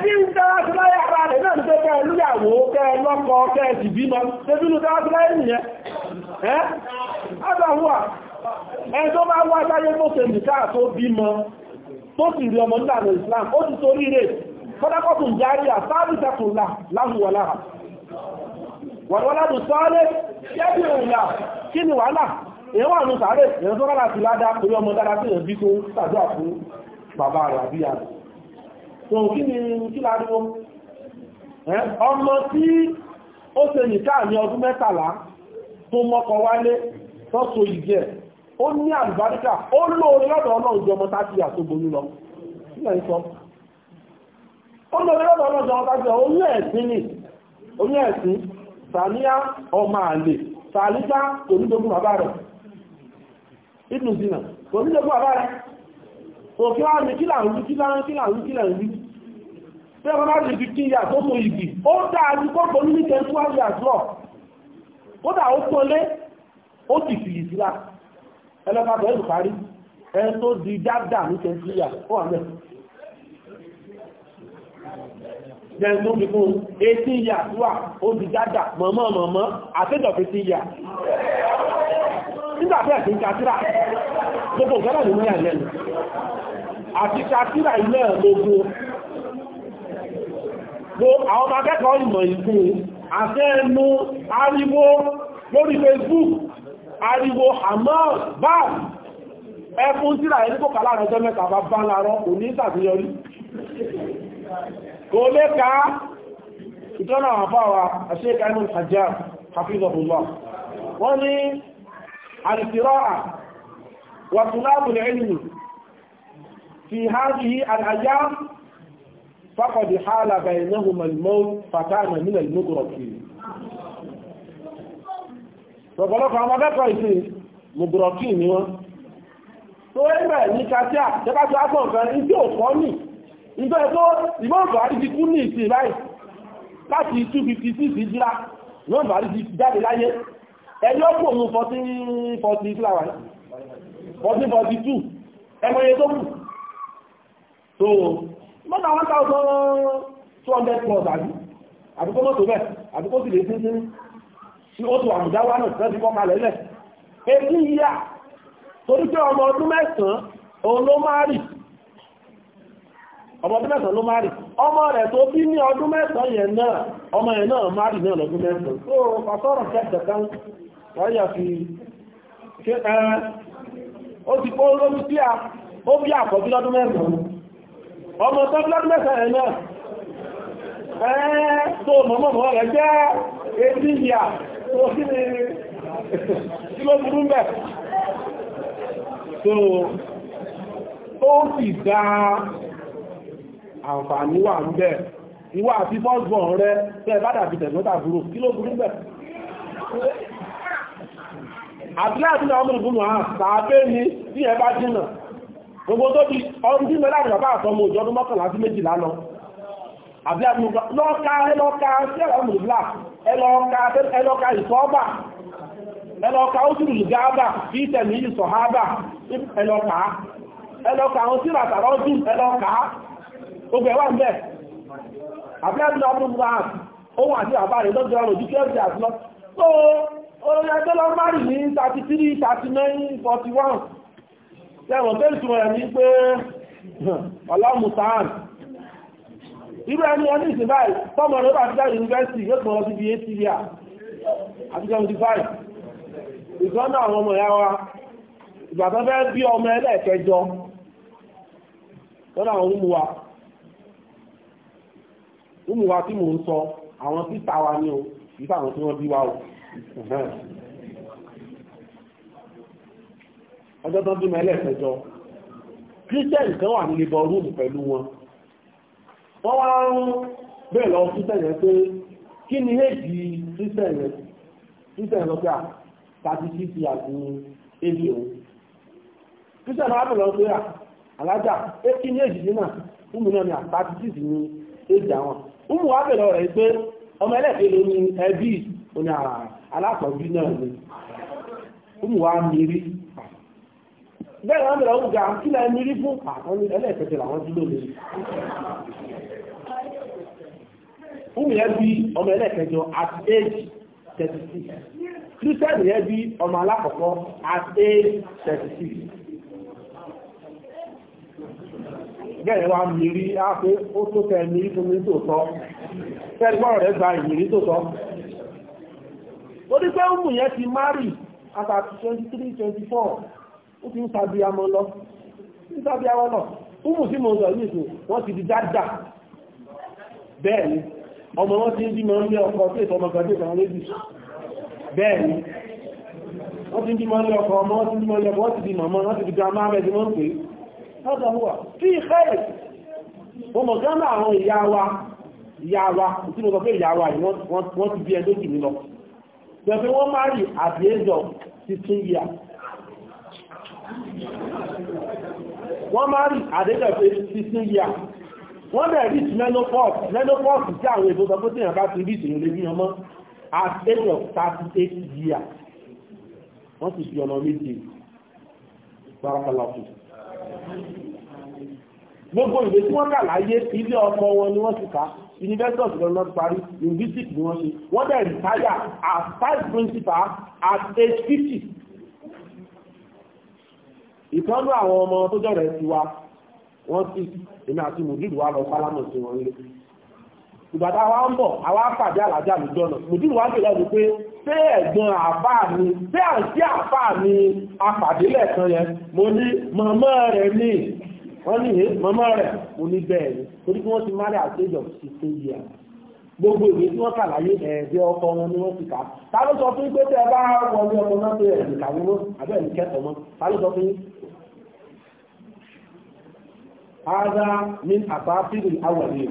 ẹbí ń dára tó láyé ara rẹ̀ náà ní tó kẹ́ ẹlúyàwó kẹ́ lọ́kọ kẹ́ ẹ̀sì bímọ Islam ó ti torí rẹ̀ kọ́dákọ́tù járí àsáàbìsàkùnlá láhùwọ̀lá wàlúwàládù sọ́ọ́lé yẹ́bí òyìnlá kí ni wàhálà èyàn wà ní sàárè èyàn tó rárá sí ládá orí ọmọ dára sí èyàn bí tó sàdúrà fún bàbá rẹ̀ wọn kí ni kí láriwo ọmọ tí ó ṣe nìká ní ọdún mẹ́tàlá tó mọ́kọ wálé tọ́sọ ìjẹ́ ó ní àlùbáríkà ó lóore lọ́dọ̀ ọlọ́run jọmọ táti àtògbòyú lọ sílẹ̀ ń sọ ó lóore lọ́dọ̀ ni oyún ẹ̀sìn sàníyá ọmọ àlè sàlíkà kò ní dogun bàbá rẹ̀ ìdùn sínà rẹ̀ òfin wá ní kílà ń rí kílà ń rí kílà ń rí 715 years tó tó ìgbì ó dáa ní kó gbọ́n ní 21 years lọ kódà ó pọ́nlé ó sì fìyì síra ẹlọ́pàá bẹ̀rẹ̀ lù parí ẹ tó di dáadáa ní 20 years ó wà mẹ́rin jẹ́ tó fi fún 18 years wà ó di dáadáa mọ̀mọ́ mọ̀mọ́ àtẹ́jọ̀ 15 years nígbà bẹ́ẹ̀ sí kàtírà gbogbo ìgbàlá ni mẹ́rin lẹ́nu àti kàtírà ilẹ̀ lógún àwọn ọmọ akẹ́kọ̀ọ́ ìmọ̀ ìkú àfẹ́ ẹnu ariwo lórí facebook ariwo hamas bam ẹkùn síra ẹni kò kà láàrin ọjọ́ mẹ́ta bá bá láàrọ kò ní ìsàtìyọrí kò lè ká ìtọ́nà àbáwa àṣẹ́kà inú ìsàjá hafizahullah wọ́n ní àrìsíráà wàtúnláàbùn ẹ̀yìn fi hádìí àdáyá faqad hala baynahuma al-mawt fakana min al-mughraqin ọ̀pọ̀lọpọ̀ àwọn akẹ́kọ̀ọ́ ìsìn mughraqin ni wọ́n tó wọ́n nígbà ní kàtíà tẹ́bá tí a kọ̀ nǹkan ibi òkọ́ nì ìjọ ẹ̀kọ́ ìmọ̀ bàárí ti kú ní ìsìn báyìí láti 256 jíra ìmọ̀ bàárí ti jáde láyé ẹni ó kú òun 1440 fúláwà 1442 ẹmọ iye tó kù mọ́ta one thousand two hundred plus àbí àbíkó mọ́tò bẹ́ẹ̀ àbíkó sì lè tún sí ó tó àmùdá wà náà tẹ́sí kọ́ kalẹ̀ lẹ̀ yíyá torí pé ọmọ ọdún mẹ́sàn-án ló márì ọmọ rẹ̀ tó bí ní ọdún mẹ́sàn yẹn náà ọmọ yẹn náà márì náà lọ́dún mẹ́sàn tó ó ti kó lórí sí à ó bí àkọ́bí lọ́dún mẹ́sàn ọmọ tó blọ́dún mẹ́sàn ẹ̀ náà ẹ́ẹ́ tó mọ̀mọ̀mọ̀ rẹ̀ jẹ́ èdìyà tó kí ni kí ló burú mẹ́ tó ó sì dá àǹfààní wà ń bẹ̀ ìwà àti bọ́ọ̀gbọ̀n rẹ̀ tẹ́ bá dàbí tẹ̀gbọ́ta burú kí ló burú mẹ́ àbílẹ̀ àti àwọn ọmọ ìbúnú àà tàbí bí ẹ bá dínà gbogbo tó bí ọdún bí mẹ́lá àgbà àtọmọ òjò ọdún mọ́kànlá sí méjìlá lọ àbí àgbà lọ́ka ẹlọ́ka sẹ́rọ mùsùlá ẹlọ́ka ìsọ́ọ́bà ẹlọ́ka oṣùlù gáábà bí tẹ̀mí ìsọ̀hábà ẹlọ́ka ẹlọ́ka àwọn síràtàrọ́dún ẹlọ́ka gbogbo ẹwà ń bẹ̀ tẹ́wọ̀n tó ìtumọ̀ rẹ̀ ní pé ọlọ́mùtàn irú ẹni ẹni ìsìn báyìí tọ́mọ̀ rẹ̀ bá fíjá yunifásitì yóò pọ̀ lọ sí bí i ti rí à àti 75 ìgbọ́nà àwọn ọmọ ìyá wa ìgbàtọ́ fẹ́ bí ọmọ ẹlẹ́ẹ̀kẹjọ lọ́nà àwọn olúmuwa olúmuwa tí mò ń sọ àwọn títà wa ní o ìfà àwọn tí wọ́n bí wa o ọjọ́ tán bímọ ẹlẹ́ẹ̀kẹjọ kírísítẹ́nì kan wà ní libọ rúùmù pẹ̀lú wọn wọ́n wá ń bẹ́ẹ̀ lọ kírísítẹ́nì yẹn pé kí ni éèdì kírísítẹ́nì yẹn kírísítẹ́nì lọ pé à tàbí títí àti èdè òun kírísítẹ́nì wá bẹ̀rẹ̀ pé à ah, alájà é kí ni éèdì nínà fúnmi náà ni àtàbí ah, títí ni éèdì àwọn fúnmi wá bẹ̀rẹ̀ rẹ̀ pé ọmọ ẹlẹ́ẹ̀kẹ́ ni ẹbí òní àrà ah, alápọ̀jú náà ni fúnmi wá mìírí bẹ́ẹ̀ wọ́n bẹ̀rẹ̀ oúnjẹ àwọn kílẹ̀ ẹni rí fún àwọn ẹlẹ́ẹ̀kẹ́kẹ́ làwọn dúró lè fún yẹn bí ọmọ ẹlẹ́ẹ̀kẹjọ at age thirty six christian yẹn bí ọmọ alákọ̀ọ́kọ́ at age thirty six bẹ́ẹ̀ wá mìírí á pé ó tó fẹ́ mìírí fún mi tó tọ́ fẹ́ẹ́ gbọ́rọ̀ rẹ̀ gba ìmìírí tó tọ́ ó ní pé ó mú yẹn ti márì àtàtì twenty three twenty four ó ti ń sàbí amọ́ lọ ń sàbí amọ́ lọ fúnmù sí mọ̀ ọ̀sọ̀ ní ìsìn wọ́n ti di dáadáa bẹ́ẹ̀ ni ọmọ wọn ti ń bímọ ń lé ọkọ̀ tó ìtọ́ ọmọkan tó ìtàn léjì bẹ́ẹ̀ ni wọ́n ti ń bímọ lé ọkọ̀ ọmọ wọ́n ti ń bímọ lé ọkọ̀ wọ́n ti di mọ̀mọ́ wọ́n ti di gbàmá mẹ́jì mọ́ ń pè lọ́dọ̀wọ́ tí ìfẹ́rẹ̀ ọmọ gánà wọ́n máa rí àdéjọ̀pé fifteen years wọ́n bẹ̀rẹ̀ reach menopause menopause tí àwọn èbó sọpọ́ tí ìyànbá ti reach ìrìnlẹ̀ ní ọmọ at age of thirty eight years wọ́n sì fi ọ̀nà méje gbárakàlàfù gbogbo ìwé tí wọ́n kà láyé ilé ọkọ wọn ni wọ́n ti kà university of london parí linguistics ni wọ́n ṣe wọ́n bẹ̀rẹ̀ retire as vice principal at age fifty ìtọ́nú àwọn ọmọ tó jọ̀rẹ̀ ti wa wọ́n sì èmi àti mùdílù wa lọ sálámù sí wọn lé ìgbàdá wa ń bọ̀ àwa pàdé àlàjá lójọ́ náà mùdílù wa bèèrè ẹni pé ṣé ẹ̀gbọ́n àbá mi ṣé àǹtí àbá mi apàdé lẹ́ẹ̀kan yẹn mo ní màmá rẹ̀ ní wọ́n ní màmá rẹ̀ mo ní bẹ́ẹ̀ ni torí pé wọ́n ti máa rí àtẹ́jọ́ sí tó yẹ àná gbogbo ìwé tí wọ́n kà láyé ẹ̀ẹ́dẹ́ ọkọ wọn ni wọ́n ti kà ta ló sọ fún pé tẹ́ ẹ bá wọlé ọmọ náà pé ẹ̀ẹ́dẹ́ kàwé mọ́ àbẹ́ ẹ̀ẹ́dẹ́ kẹ́kọ̀ọ́ mọ́ ta sọ fún ara ní àbáfíìlì awọ̀lẹ̀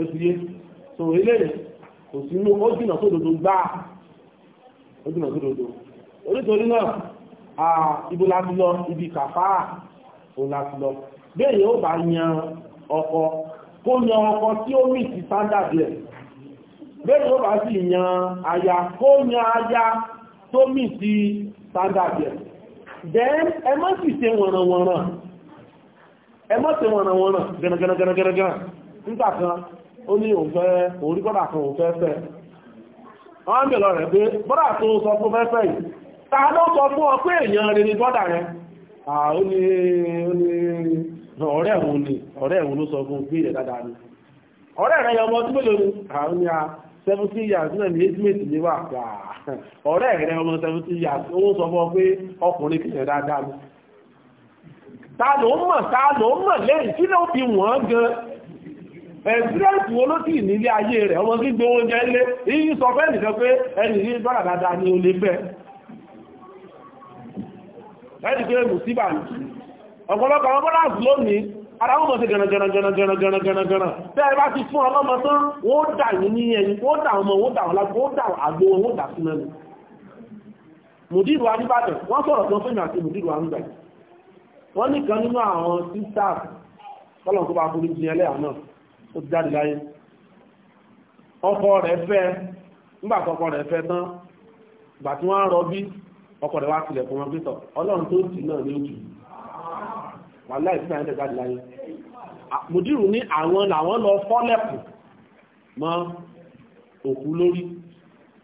oṣù yé so eléyìí kò sí inú ó jìnà sódodo gbáà ó jìnà sódodo onítorí náà ibo la lọ ibi kàfáà òun la lọ bẹ́ẹ̀ yóò bá yan ọkọ kó yan ọkọ tí ó mì sí sándàdì ẹ̀ bẹ́ẹ̀ ló bá sì yan aya kó yan aya tó mì sí sándàdì ẹ̀ then ẹ sì ṣe wọ̀nàwọ̀nà ẹ wọ̀nàwọ̀nà ta ọ̀rẹ́ ẹ̀wọ̀n ni ọ̀rẹ́ ẹ̀wọ̀n ló sọ fún gbé rẹ̀ ni ọ̀rẹ́ rẹ̀ yọ ọmọ ọdún mélòó ni ni a seventeen years náà ní estimate ní wà gbà ọ̀rẹ́ rẹ̀ ọmọ seventeen years ó sọ fún ọ pé ọkùnrin kìí ni ta ló ń mọ̀ ta ló ń mọ̀ lẹ́yìn tí ló fi wọ́n gan experience wo ló sì nílé ayé rẹ̀ ọmọ sí gbé oúnjẹ lé yíyí sọ fẹ́ nìkan pé ẹni yìí bára dáadáa ni ó lè ẹni pé mùsíbà nìyí ọ̀pọ̀lọpọ̀ àwọn bọ́láàsì lónìí ara wọn mọ̀sí gẹ̀rẹ̀gẹ̀rẹ̀gẹ̀rẹ̀gẹ̀rẹ̀ tẹ́ ẹ bá ti fún ọlọ́mọ tán wọ́n dà ní ní ẹni wọ́n dà ọmọ wọ́n dà ọ̀lá wọ́n dà àgbo wọ́n dà sí mẹ́rin mùdírù Adébàdàn wọ́n sọ̀rọ̀ kan fún ìrìnàjò mùdírù àrùngbà wọ́n nìkan nínú àwọn sisters tọ́lọ̀ kó bá forí jin ẹlẹ́ àná ó ti jáde láyé ọkọ rẹ̀ fẹ́ nígbà tọkọ rẹ̀ fẹ́ tán ìgbà tí wọ́n á rọbí ọkọ rẹ̀ wá tilẹ̀ fún wọn pé tọ̀ ọlọ́run tó tì náà ní ojú wà láì fún àyẹ̀dẹ̀ jáde láyé mùdírù ní àwọn làwọn lọ fọ́lẹ̀kù mọ́ òkú lórí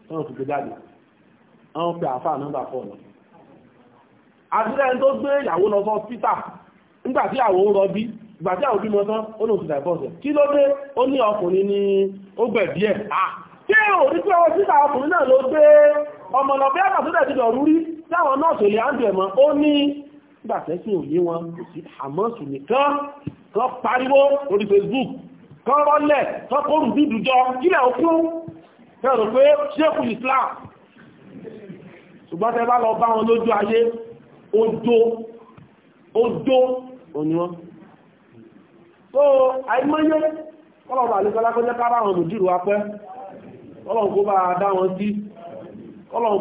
wọn fi gbé jáde wọn pe àáfàá nọ́mbà fọ́ ọ̀nà àdúrẹ́ni tó gbé ìyàwó lọ sọ pítà nígbà tí àwọn ń rọbí ìgbà tí àwọn bímọ tán ó lòsì dàbọ̀sẹ̀ kí ló dé ó ní ọkùnrin ní ó gbẹ̀bí ẹ̀ tí ò rí pé ọwọ́ títà ọkùnrin náà ló gbé ọmọ lọ bí àkàtúndẹ̀ ti dọ̀rú rí láwọn nọ́ọ̀sì lè áńdù ẹ̀mọ́ ó ní nígbà tẹ́sí òní wọn kò sí àmọ́sù nìkan tó pariwo lórí Facebook tó rọ́lẹ̀ tó kórù dúdú jọ kílẹ̀ òkú tẹ́rọ pé ṣékù Islam ṣùgbọ́n tẹ́ bá lọ bá wọn lójú ayé odó odó òní wọn tó àìmọ́yé kọ́lọ̀bà àlẹ́kọ́lá kó jẹ́ ká bá wọn mùdírù apẹ́ kọ́lọ̀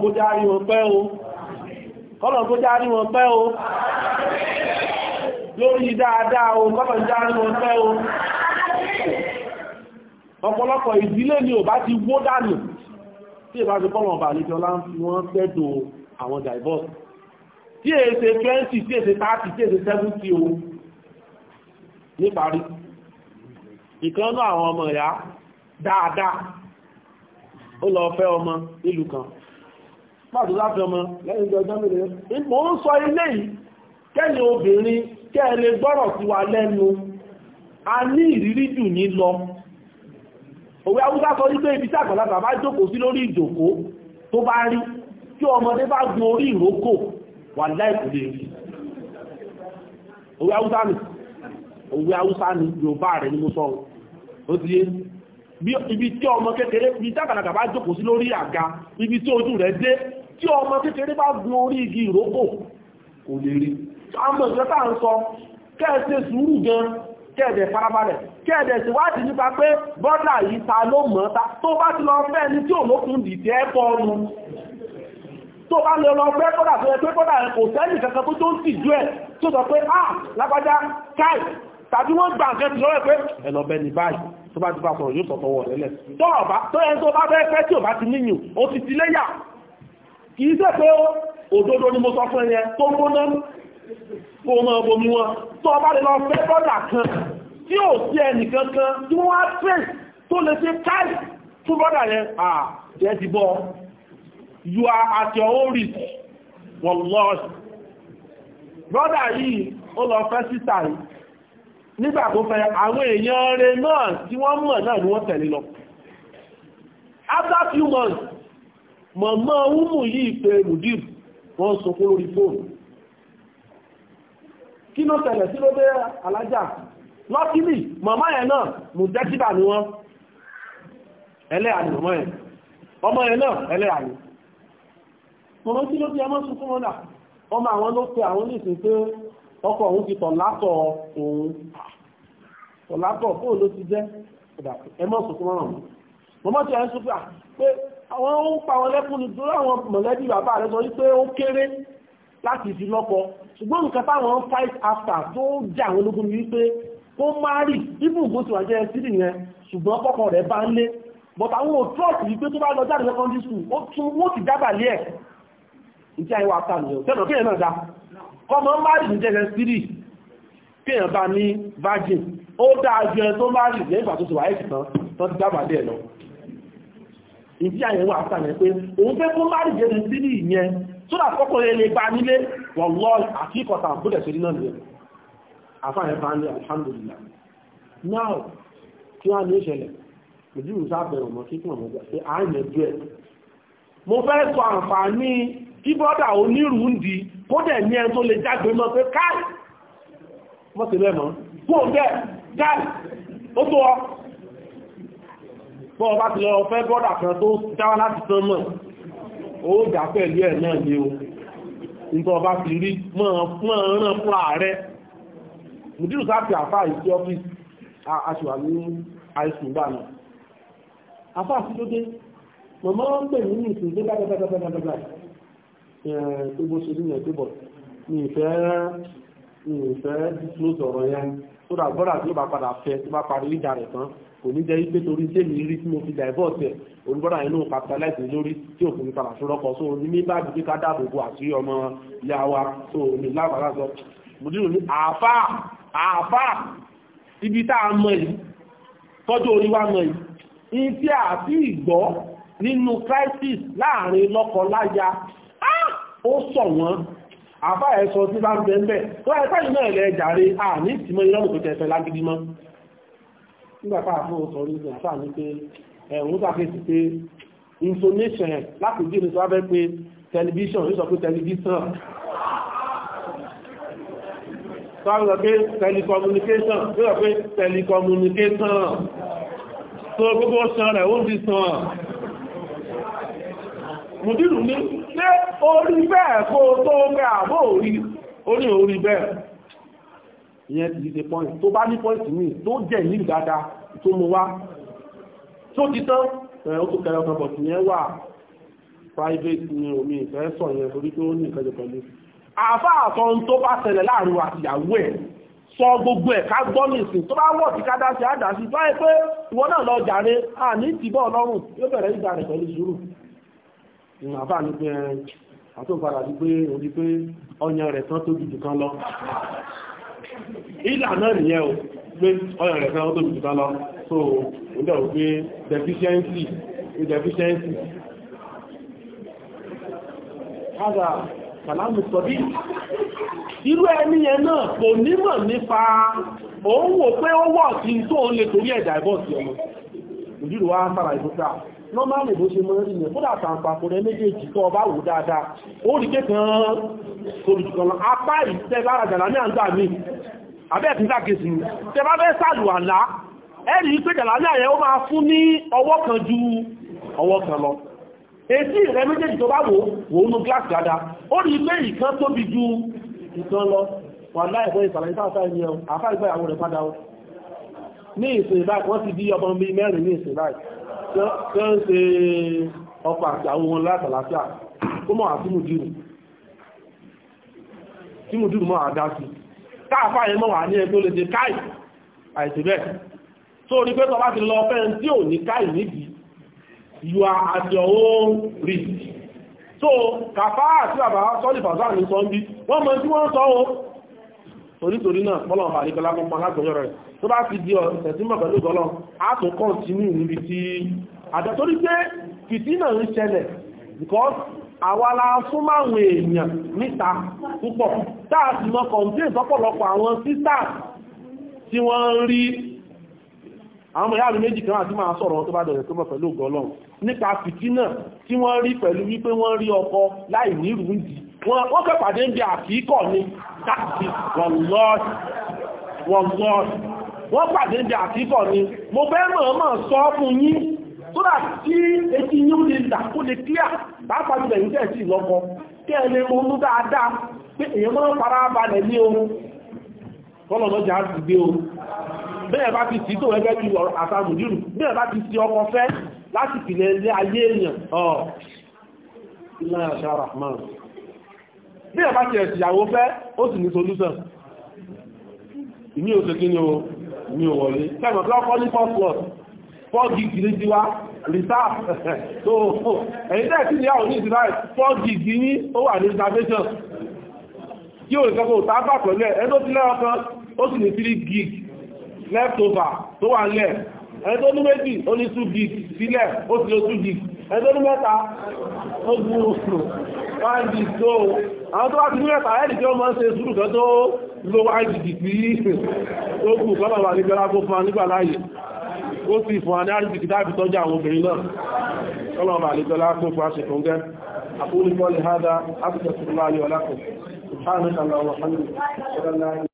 kó bá kọ́lọ̀ tó já rí wọn pẹ́ o lórí dáadáa o kọ́lọ̀ já rí wọn pẹ́ o ọ̀pọ̀lọpọ̀ ìdílé ni ò bá ti wó dànù tí ìbá ti kọ́lọ̀ ọba àlejò ọlá ń fi wọ́n pẹ́dò àwọn divorce tí èsè 20 tí èsè 30 tí èsè 70 o níparí ìkanú àwọn ọmọ ìyá dáadáa ó lọ fẹ́ ọmọ ìlú kan pàtó láti ọmọ lẹ́yìn ọjọ́ mẹ́rin mọ́ ń sọ ilé yìí kẹ́ni obìnrin kẹ́ẹ̀lẹ́ gbọ́rọ̀ sí wa lẹ́nu a ní ìrírí jù ní lọ òwe awúgbá sọ wípé ibi tí àgbàlagbà bá jókòó sí lórí ìjòkó tó bá rí tí ọmọdé bá gun orí ìrókò wà láìkù lè rí òwe awúsá ni òwe awúsá ni yorùbá rẹ̀ ni mo sọ ó ti yé ibi tí ọmọ kékeré ibi tí àgbàlagbà bá jókòó tí ọmọ kékeré bá gun orí igi ìrókò kò lè rí àmọ́ ìjọta ń sọ kẹ́ẹ̀ṣe sùúrù gan kẹ́ẹ̀dẹ̀ farabalẹ̀ kẹ́ẹ̀dẹ̀ síwádìí nípa pé bọ́dà yìí ta ló mọ̀ ta tó bá ti lọ fẹ́ ní tí òlókun dìtẹ́ ẹ̀kọ́ ọnu tó bá lọ lọ fẹ́ kọ́dà tó yẹ pé kọ́dà kò sẹ́yìn kankan tó tó ń sì jú ẹ̀ tó sọ pé ah lágbájá káì tàbí wọ́n gbà nǹkan ti lọ́wọ́ pé ẹ̀lọ́bẹ̀ ní báyìí tó bá ti bá sọ̀rọ̀ yóò sọ̀tọ̀wọ̀ rẹ̀ lẹ̀ tó yẹ tó bá fẹ́ fẹ́ tí ò bá ti níyìn ó ti ti léyà kìí ṣe pé òdodo ni mo sọ fún ẹyẹ tó gbóná kó mọ́ bomi wọn tó ọba lè lọ fẹ́ bọ́dà kan tí ò sí ẹnì kankan tí wọ́n á fẹ́ tó lè ṣe káì fún bọ́dà yẹn à ti bọ́ you are at your own risk wọ́n lọ́ọ̀sì bọ́dà yìí ó lọ fẹ́ sísà yìí nígbà tó fẹ́ àwọn èèyàn rẹ̀ náà tí wọ́n mọ̀ náà ni wọ́n tẹ̀lé lọ after few months mọ̀mọ́ ọmọ yìí pé mudir wọ́n sọ fún lórí fóònù kí ló tẹ̀lẹ̀ sí ló dé alájà lọ́kílì mọ̀mọ́ ẹ̀ náà mú dẹ́kídà ni wọ́n ẹlẹ́yà ni mọ̀mọ́ ẹ̀ ọmọ ẹ̀ náà ẹlẹ́yà ni mọ̀mọ́ kí ló dé ẹmọ́ sọ fún ọ́nà ọmọ àwọn ló pe àwọn nìsín pé ọkọ òun ti tọ̀ látọ̀ òun tọ̀ látọ̀ fóònù ló ti jẹ́ ẹmọ́ sọ fún ọ́nà mọ̀mọ́ ti ẹ̀ ń sọ pé ah, àwọn ohun pa wọn lẹ́kùn ní torí àwọn mọ̀lẹ́bí bàbá rẹ̀ sọ wípé ó kéré láti fi lọ́kọ ṣùgbọ́n nǹkan táwọn fight after tó jà àwọn ológun ní wípé kó má rí ibù ògbó tí wà jẹ́ sídì yẹn ṣùgbọ́n kọ́kọ́ rẹ̀ bá ń lé but àwọn ò trust wípé tó bá lọ jáde secondary school ó tún wọ́n ti dábà lé ẹ̀ ìjẹ́ àìwá àta nìyẹn tẹ́lọ̀ kéèyàn náà dá kọ́mọ má rí ìjẹ́ jẹ́ sídì kéèyàn bá ní virgin ó dáa jẹ́ tó má rí lẹ́yìn ìgbà tó ti wà ẹ̀ ìdí àyẹ̀wò àtàlẹ̀ pé òun fẹ́ fún bá rìjẹ́ ní sílì ìyẹn tó dà kọ́kọ̀rẹ́ lè bá nílé wọ̀lọ́ àti ìkọ̀tà bódẹ̀ sí náà nìyẹn àfáàyẹ̀ bá ní alhamdulillah now kí wá ní ìṣẹ̀lẹ̀ ìdí ìrùsá bẹ̀rù mọ́ kíkún ọmọ ìgbà pé àáyẹ̀ jù ẹ̀ mo fẹ́ sọ àǹfààní kí bọ́dà onírù ń di kódẹ̀ ní ẹ tó lè jágbe mọ́ pé káì mọ́ sí lẹ́mọ́ fún bẹ́ẹ̀ jáì ó tó ọ bọ́ ọba ti lọ fẹ́ bọ́dà kan tó dáwà láti tán mọ̀ ó dà pẹ̀lú ẹ̀ náà ni o nígbà ọba ti rí mọ́ ọ̀rán fúnra rẹ̀ mùdírù sáàpì àfáà ìsí ọ́fíìsì aṣùwà ní àìsùn gbà náà àfáà sí lóde mọ̀mọ́ ń pè ní ìsìn tó dágbàgbàgbàgbà tó bó ṣe ní ẹ̀ tó bọ̀ ní ìfẹ́ disclose ọ̀rọ̀ yẹn tó dà gbọ́dà tí ó bá padà fẹ́ tó bá parí ìjà rẹ̀ tán kò ní jẹ́ pé torí tèmi rí tí mo fi divorce ẹ̀ olùbọ́dà yẹn ló ń capitalize lórí tí òfin mi padà sọ́rọ́kọ so ní ní báàbí pé ká dáàbò bo àṣírí ọmọ ìyá wa so mi lábàárà sọ mo dínú ní àáfà àáfà ibi tá a mọ yìí tọ́jú orí wa mọ yìí ní tí a ti gbọ́ nínú crisis láàrin lọ́kọ láya ó sọ wọ́n àbá ẹ̀sọ tí bá ń bẹ mẹ́ tó ẹ̀fẹ́ iná ẹ̀lẹ́ jàre àní ìtìmọ̀ ìrọ́lù tó tẹ̀fẹ́ lágídí mọ́ nígbàtà fún ọ̀sọ̀ orí ìsìn àṣà ní pé ẹ̀rùn sàfẹ́sì pé information láti telecommunication ní sọ pé telecommunication tó gbogbo sàn rẹ̀ ó ti sàn mùdírù ní ṣé orí bẹ́ẹ̀ kó tó bẹ́ àbó orí orí orí bẹ́ẹ̀ ìyẹn ti dìde pọ́ìntì tó bá ní pọ́ìntì míì tó jẹ́ ìlú dáadáa tó mú wá tó ti tán ẹ̀ ó tó kẹrẹ ọkàn bọ̀tì yẹn wà private ni omi ìfẹ́ sọ yẹn torí pé ó ní ìfẹ́ jẹ pẹ̀lú àfá àtọ́n tó bá ṣẹlẹ̀ láàrin wa ìyàwó ẹ̀ sọ gbogbo ẹ̀ ká gbọ́ ní ìsìn tó bá wọ̀ tí ká dá sí àdásí báyìí pé ìwọ náà lọ jàre àní ìtìbọ̀ ọlọ́run yóò bẹ̀rẹ̀ ìjà rẹ̀ pẹ̀lú sùúrù ìmọ̀ àbá ní pé àtúnpadà sí pé orí pé ọyàn rẹ̀ tán tóbi jù kan lọ ìlànà nìyẹn o pé ọyàn rẹ̀ tán tóbi jù kan lọ so ó dẹ̀ wípé deficiency deficiency hádà kàlámù sọ̀bí irú ẹni yẹn náà kò nímọ̀ nípa òun wò pé ó wọ̀ sí tó ń lè torí ẹ̀dà ìbọ̀sì ọmọ òjúrò wá sára ìbúta normally bó ṣe mọ́ rí ní fúdà tàǹpàkò rẹ méjèèjì tó ọba wò dáadáa ó rí ké kan olùjùkọ̀lọ́ apá ìtẹ́ lára jàlá ní àǹdà mi abẹ́ẹ̀kì sàkèsì tẹ bá fẹ́ sàlù àlá ẹ̀rí pé jàlá ní àyẹ̀ ó máa fún ní ọwọ́ kan ju ọwọ́ kan lọ èsì rẹ méjèèjì tó bá wò wò nú gíláàsì dáadáa ó rí pé ìkan tóbi ju ìkan lọ wà láìpẹ́ ìsàlẹ̀ ìsáàfáà ẹni ẹ̀ àfáà ìgbà ìyàwó rẹ̀ padà ní ìsìn báyìí wọ́n ti bí ọmọ mi mẹ́rin ní ìsìn báyìí kí ń ṣe ọkọ̀ àti àwọn ohun látàlàáfíà ó mọ̀ àti mùdírù tí mùdírù mọ̀ àdá sí káàfà yẹn mọ̀ wà ní ẹgbẹ́ olè káì àìsí bẹ́ẹ̀ tó rí pé tọ́lá ti lọ fẹ́ tí ò ní káì níbi you are at your own risk so kàfà àti àbá sọ́lì fàzá ní sọ́ńbí wọ́n mọ̀ tí wọ́n sọ́ orítorí náà bọ́lọ̀ àríkọlá kan pan látọ̀yọ́ rẹ̀ tó bá ti di ọ̀sẹ̀ tí mọ̀ pẹ̀lú gọ́lọ̀ á tún kọ́ntínú níbi tí àjọ torí pé fìtí náà ń ṣẹlẹ̀ because àwa la fún máwọn èèyàn níta púpọ̀ táà sì mọ́ kọ̀ǹtíẹ̀ sọ́pọ̀lọpọ̀ àwọn sisters tí wọ́n ń rí àwọn méjì kan àti máa sọ̀rọ̀ tó bá dọ̀rẹ̀ tó mọ̀ pẹ̀lú gọ́lọ̀ nípa fìtí tí wọ́n rí pẹ̀lú wípé wọ́n rí ọkọ láì nírùú yìí wọ́n kẹ́ pàdé ń bí àkíkọ̀ ní táàkì wọ̀lọ́ọ̀sì wọ̀lọ́ọ̀sì wọ́n pàdé ń bí àkíkọ̀ ní mo fẹ́ mọ̀ọ́mọ̀ sọ fún yín tó dà tí etí yín lè là kó lè kíá pàápàá jùlọ ìjẹ́ sí ìlọ́kọ kí ẹ lè ronú dáadáa pé èèyàn máa ń fara balẹ̀ ní ohun kọ́lọ̀lọ́jà á ti gbé ohun bẹ́ẹ̀ bá ti sí tó ẹgbẹ́ ju àtàmùdírù bẹ́ẹ̀ bá ti sí ọkọ fẹ́ láti pìlẹ̀ ilé ayé èèyàn ọ̀ àṣà rahman bí ẹ̀bá ti ẹ̀sìyàwó fẹ́ ó sì ní solúsàn ní oṣù kí ni o ní òwọ̀lé kẹ́mọ̀ tí wọ́n kọ́ ní first class four gig ní tiwa reserve so ẹ̀yìn tẹ́ sí ìyàwó ní ìsinmi four gig ní ó wà ní reservation kí o ìkẹ́kọ̀ ò tábà pẹ̀lú ẹ̀ ẹni tó ti lẹ́wọ́ kan ó sì ní three gig left over tó wà nílẹ̀ ẹni tó ní méjì ó two gig sílẹ̀ ó sì lọ two gig ẹgbẹ́ ní mẹ́ta ó gbúrú wáìdì tó àwọn tó wá ti ní mẹ́ta ẹ̀dì tí ó máa ń ṣe sùúrù kan tó ló wáìdì tí ó kù kọ́nà wà nígbẹ́ra kó fún nígbà ó sì fún wa ní àwọn obìnrin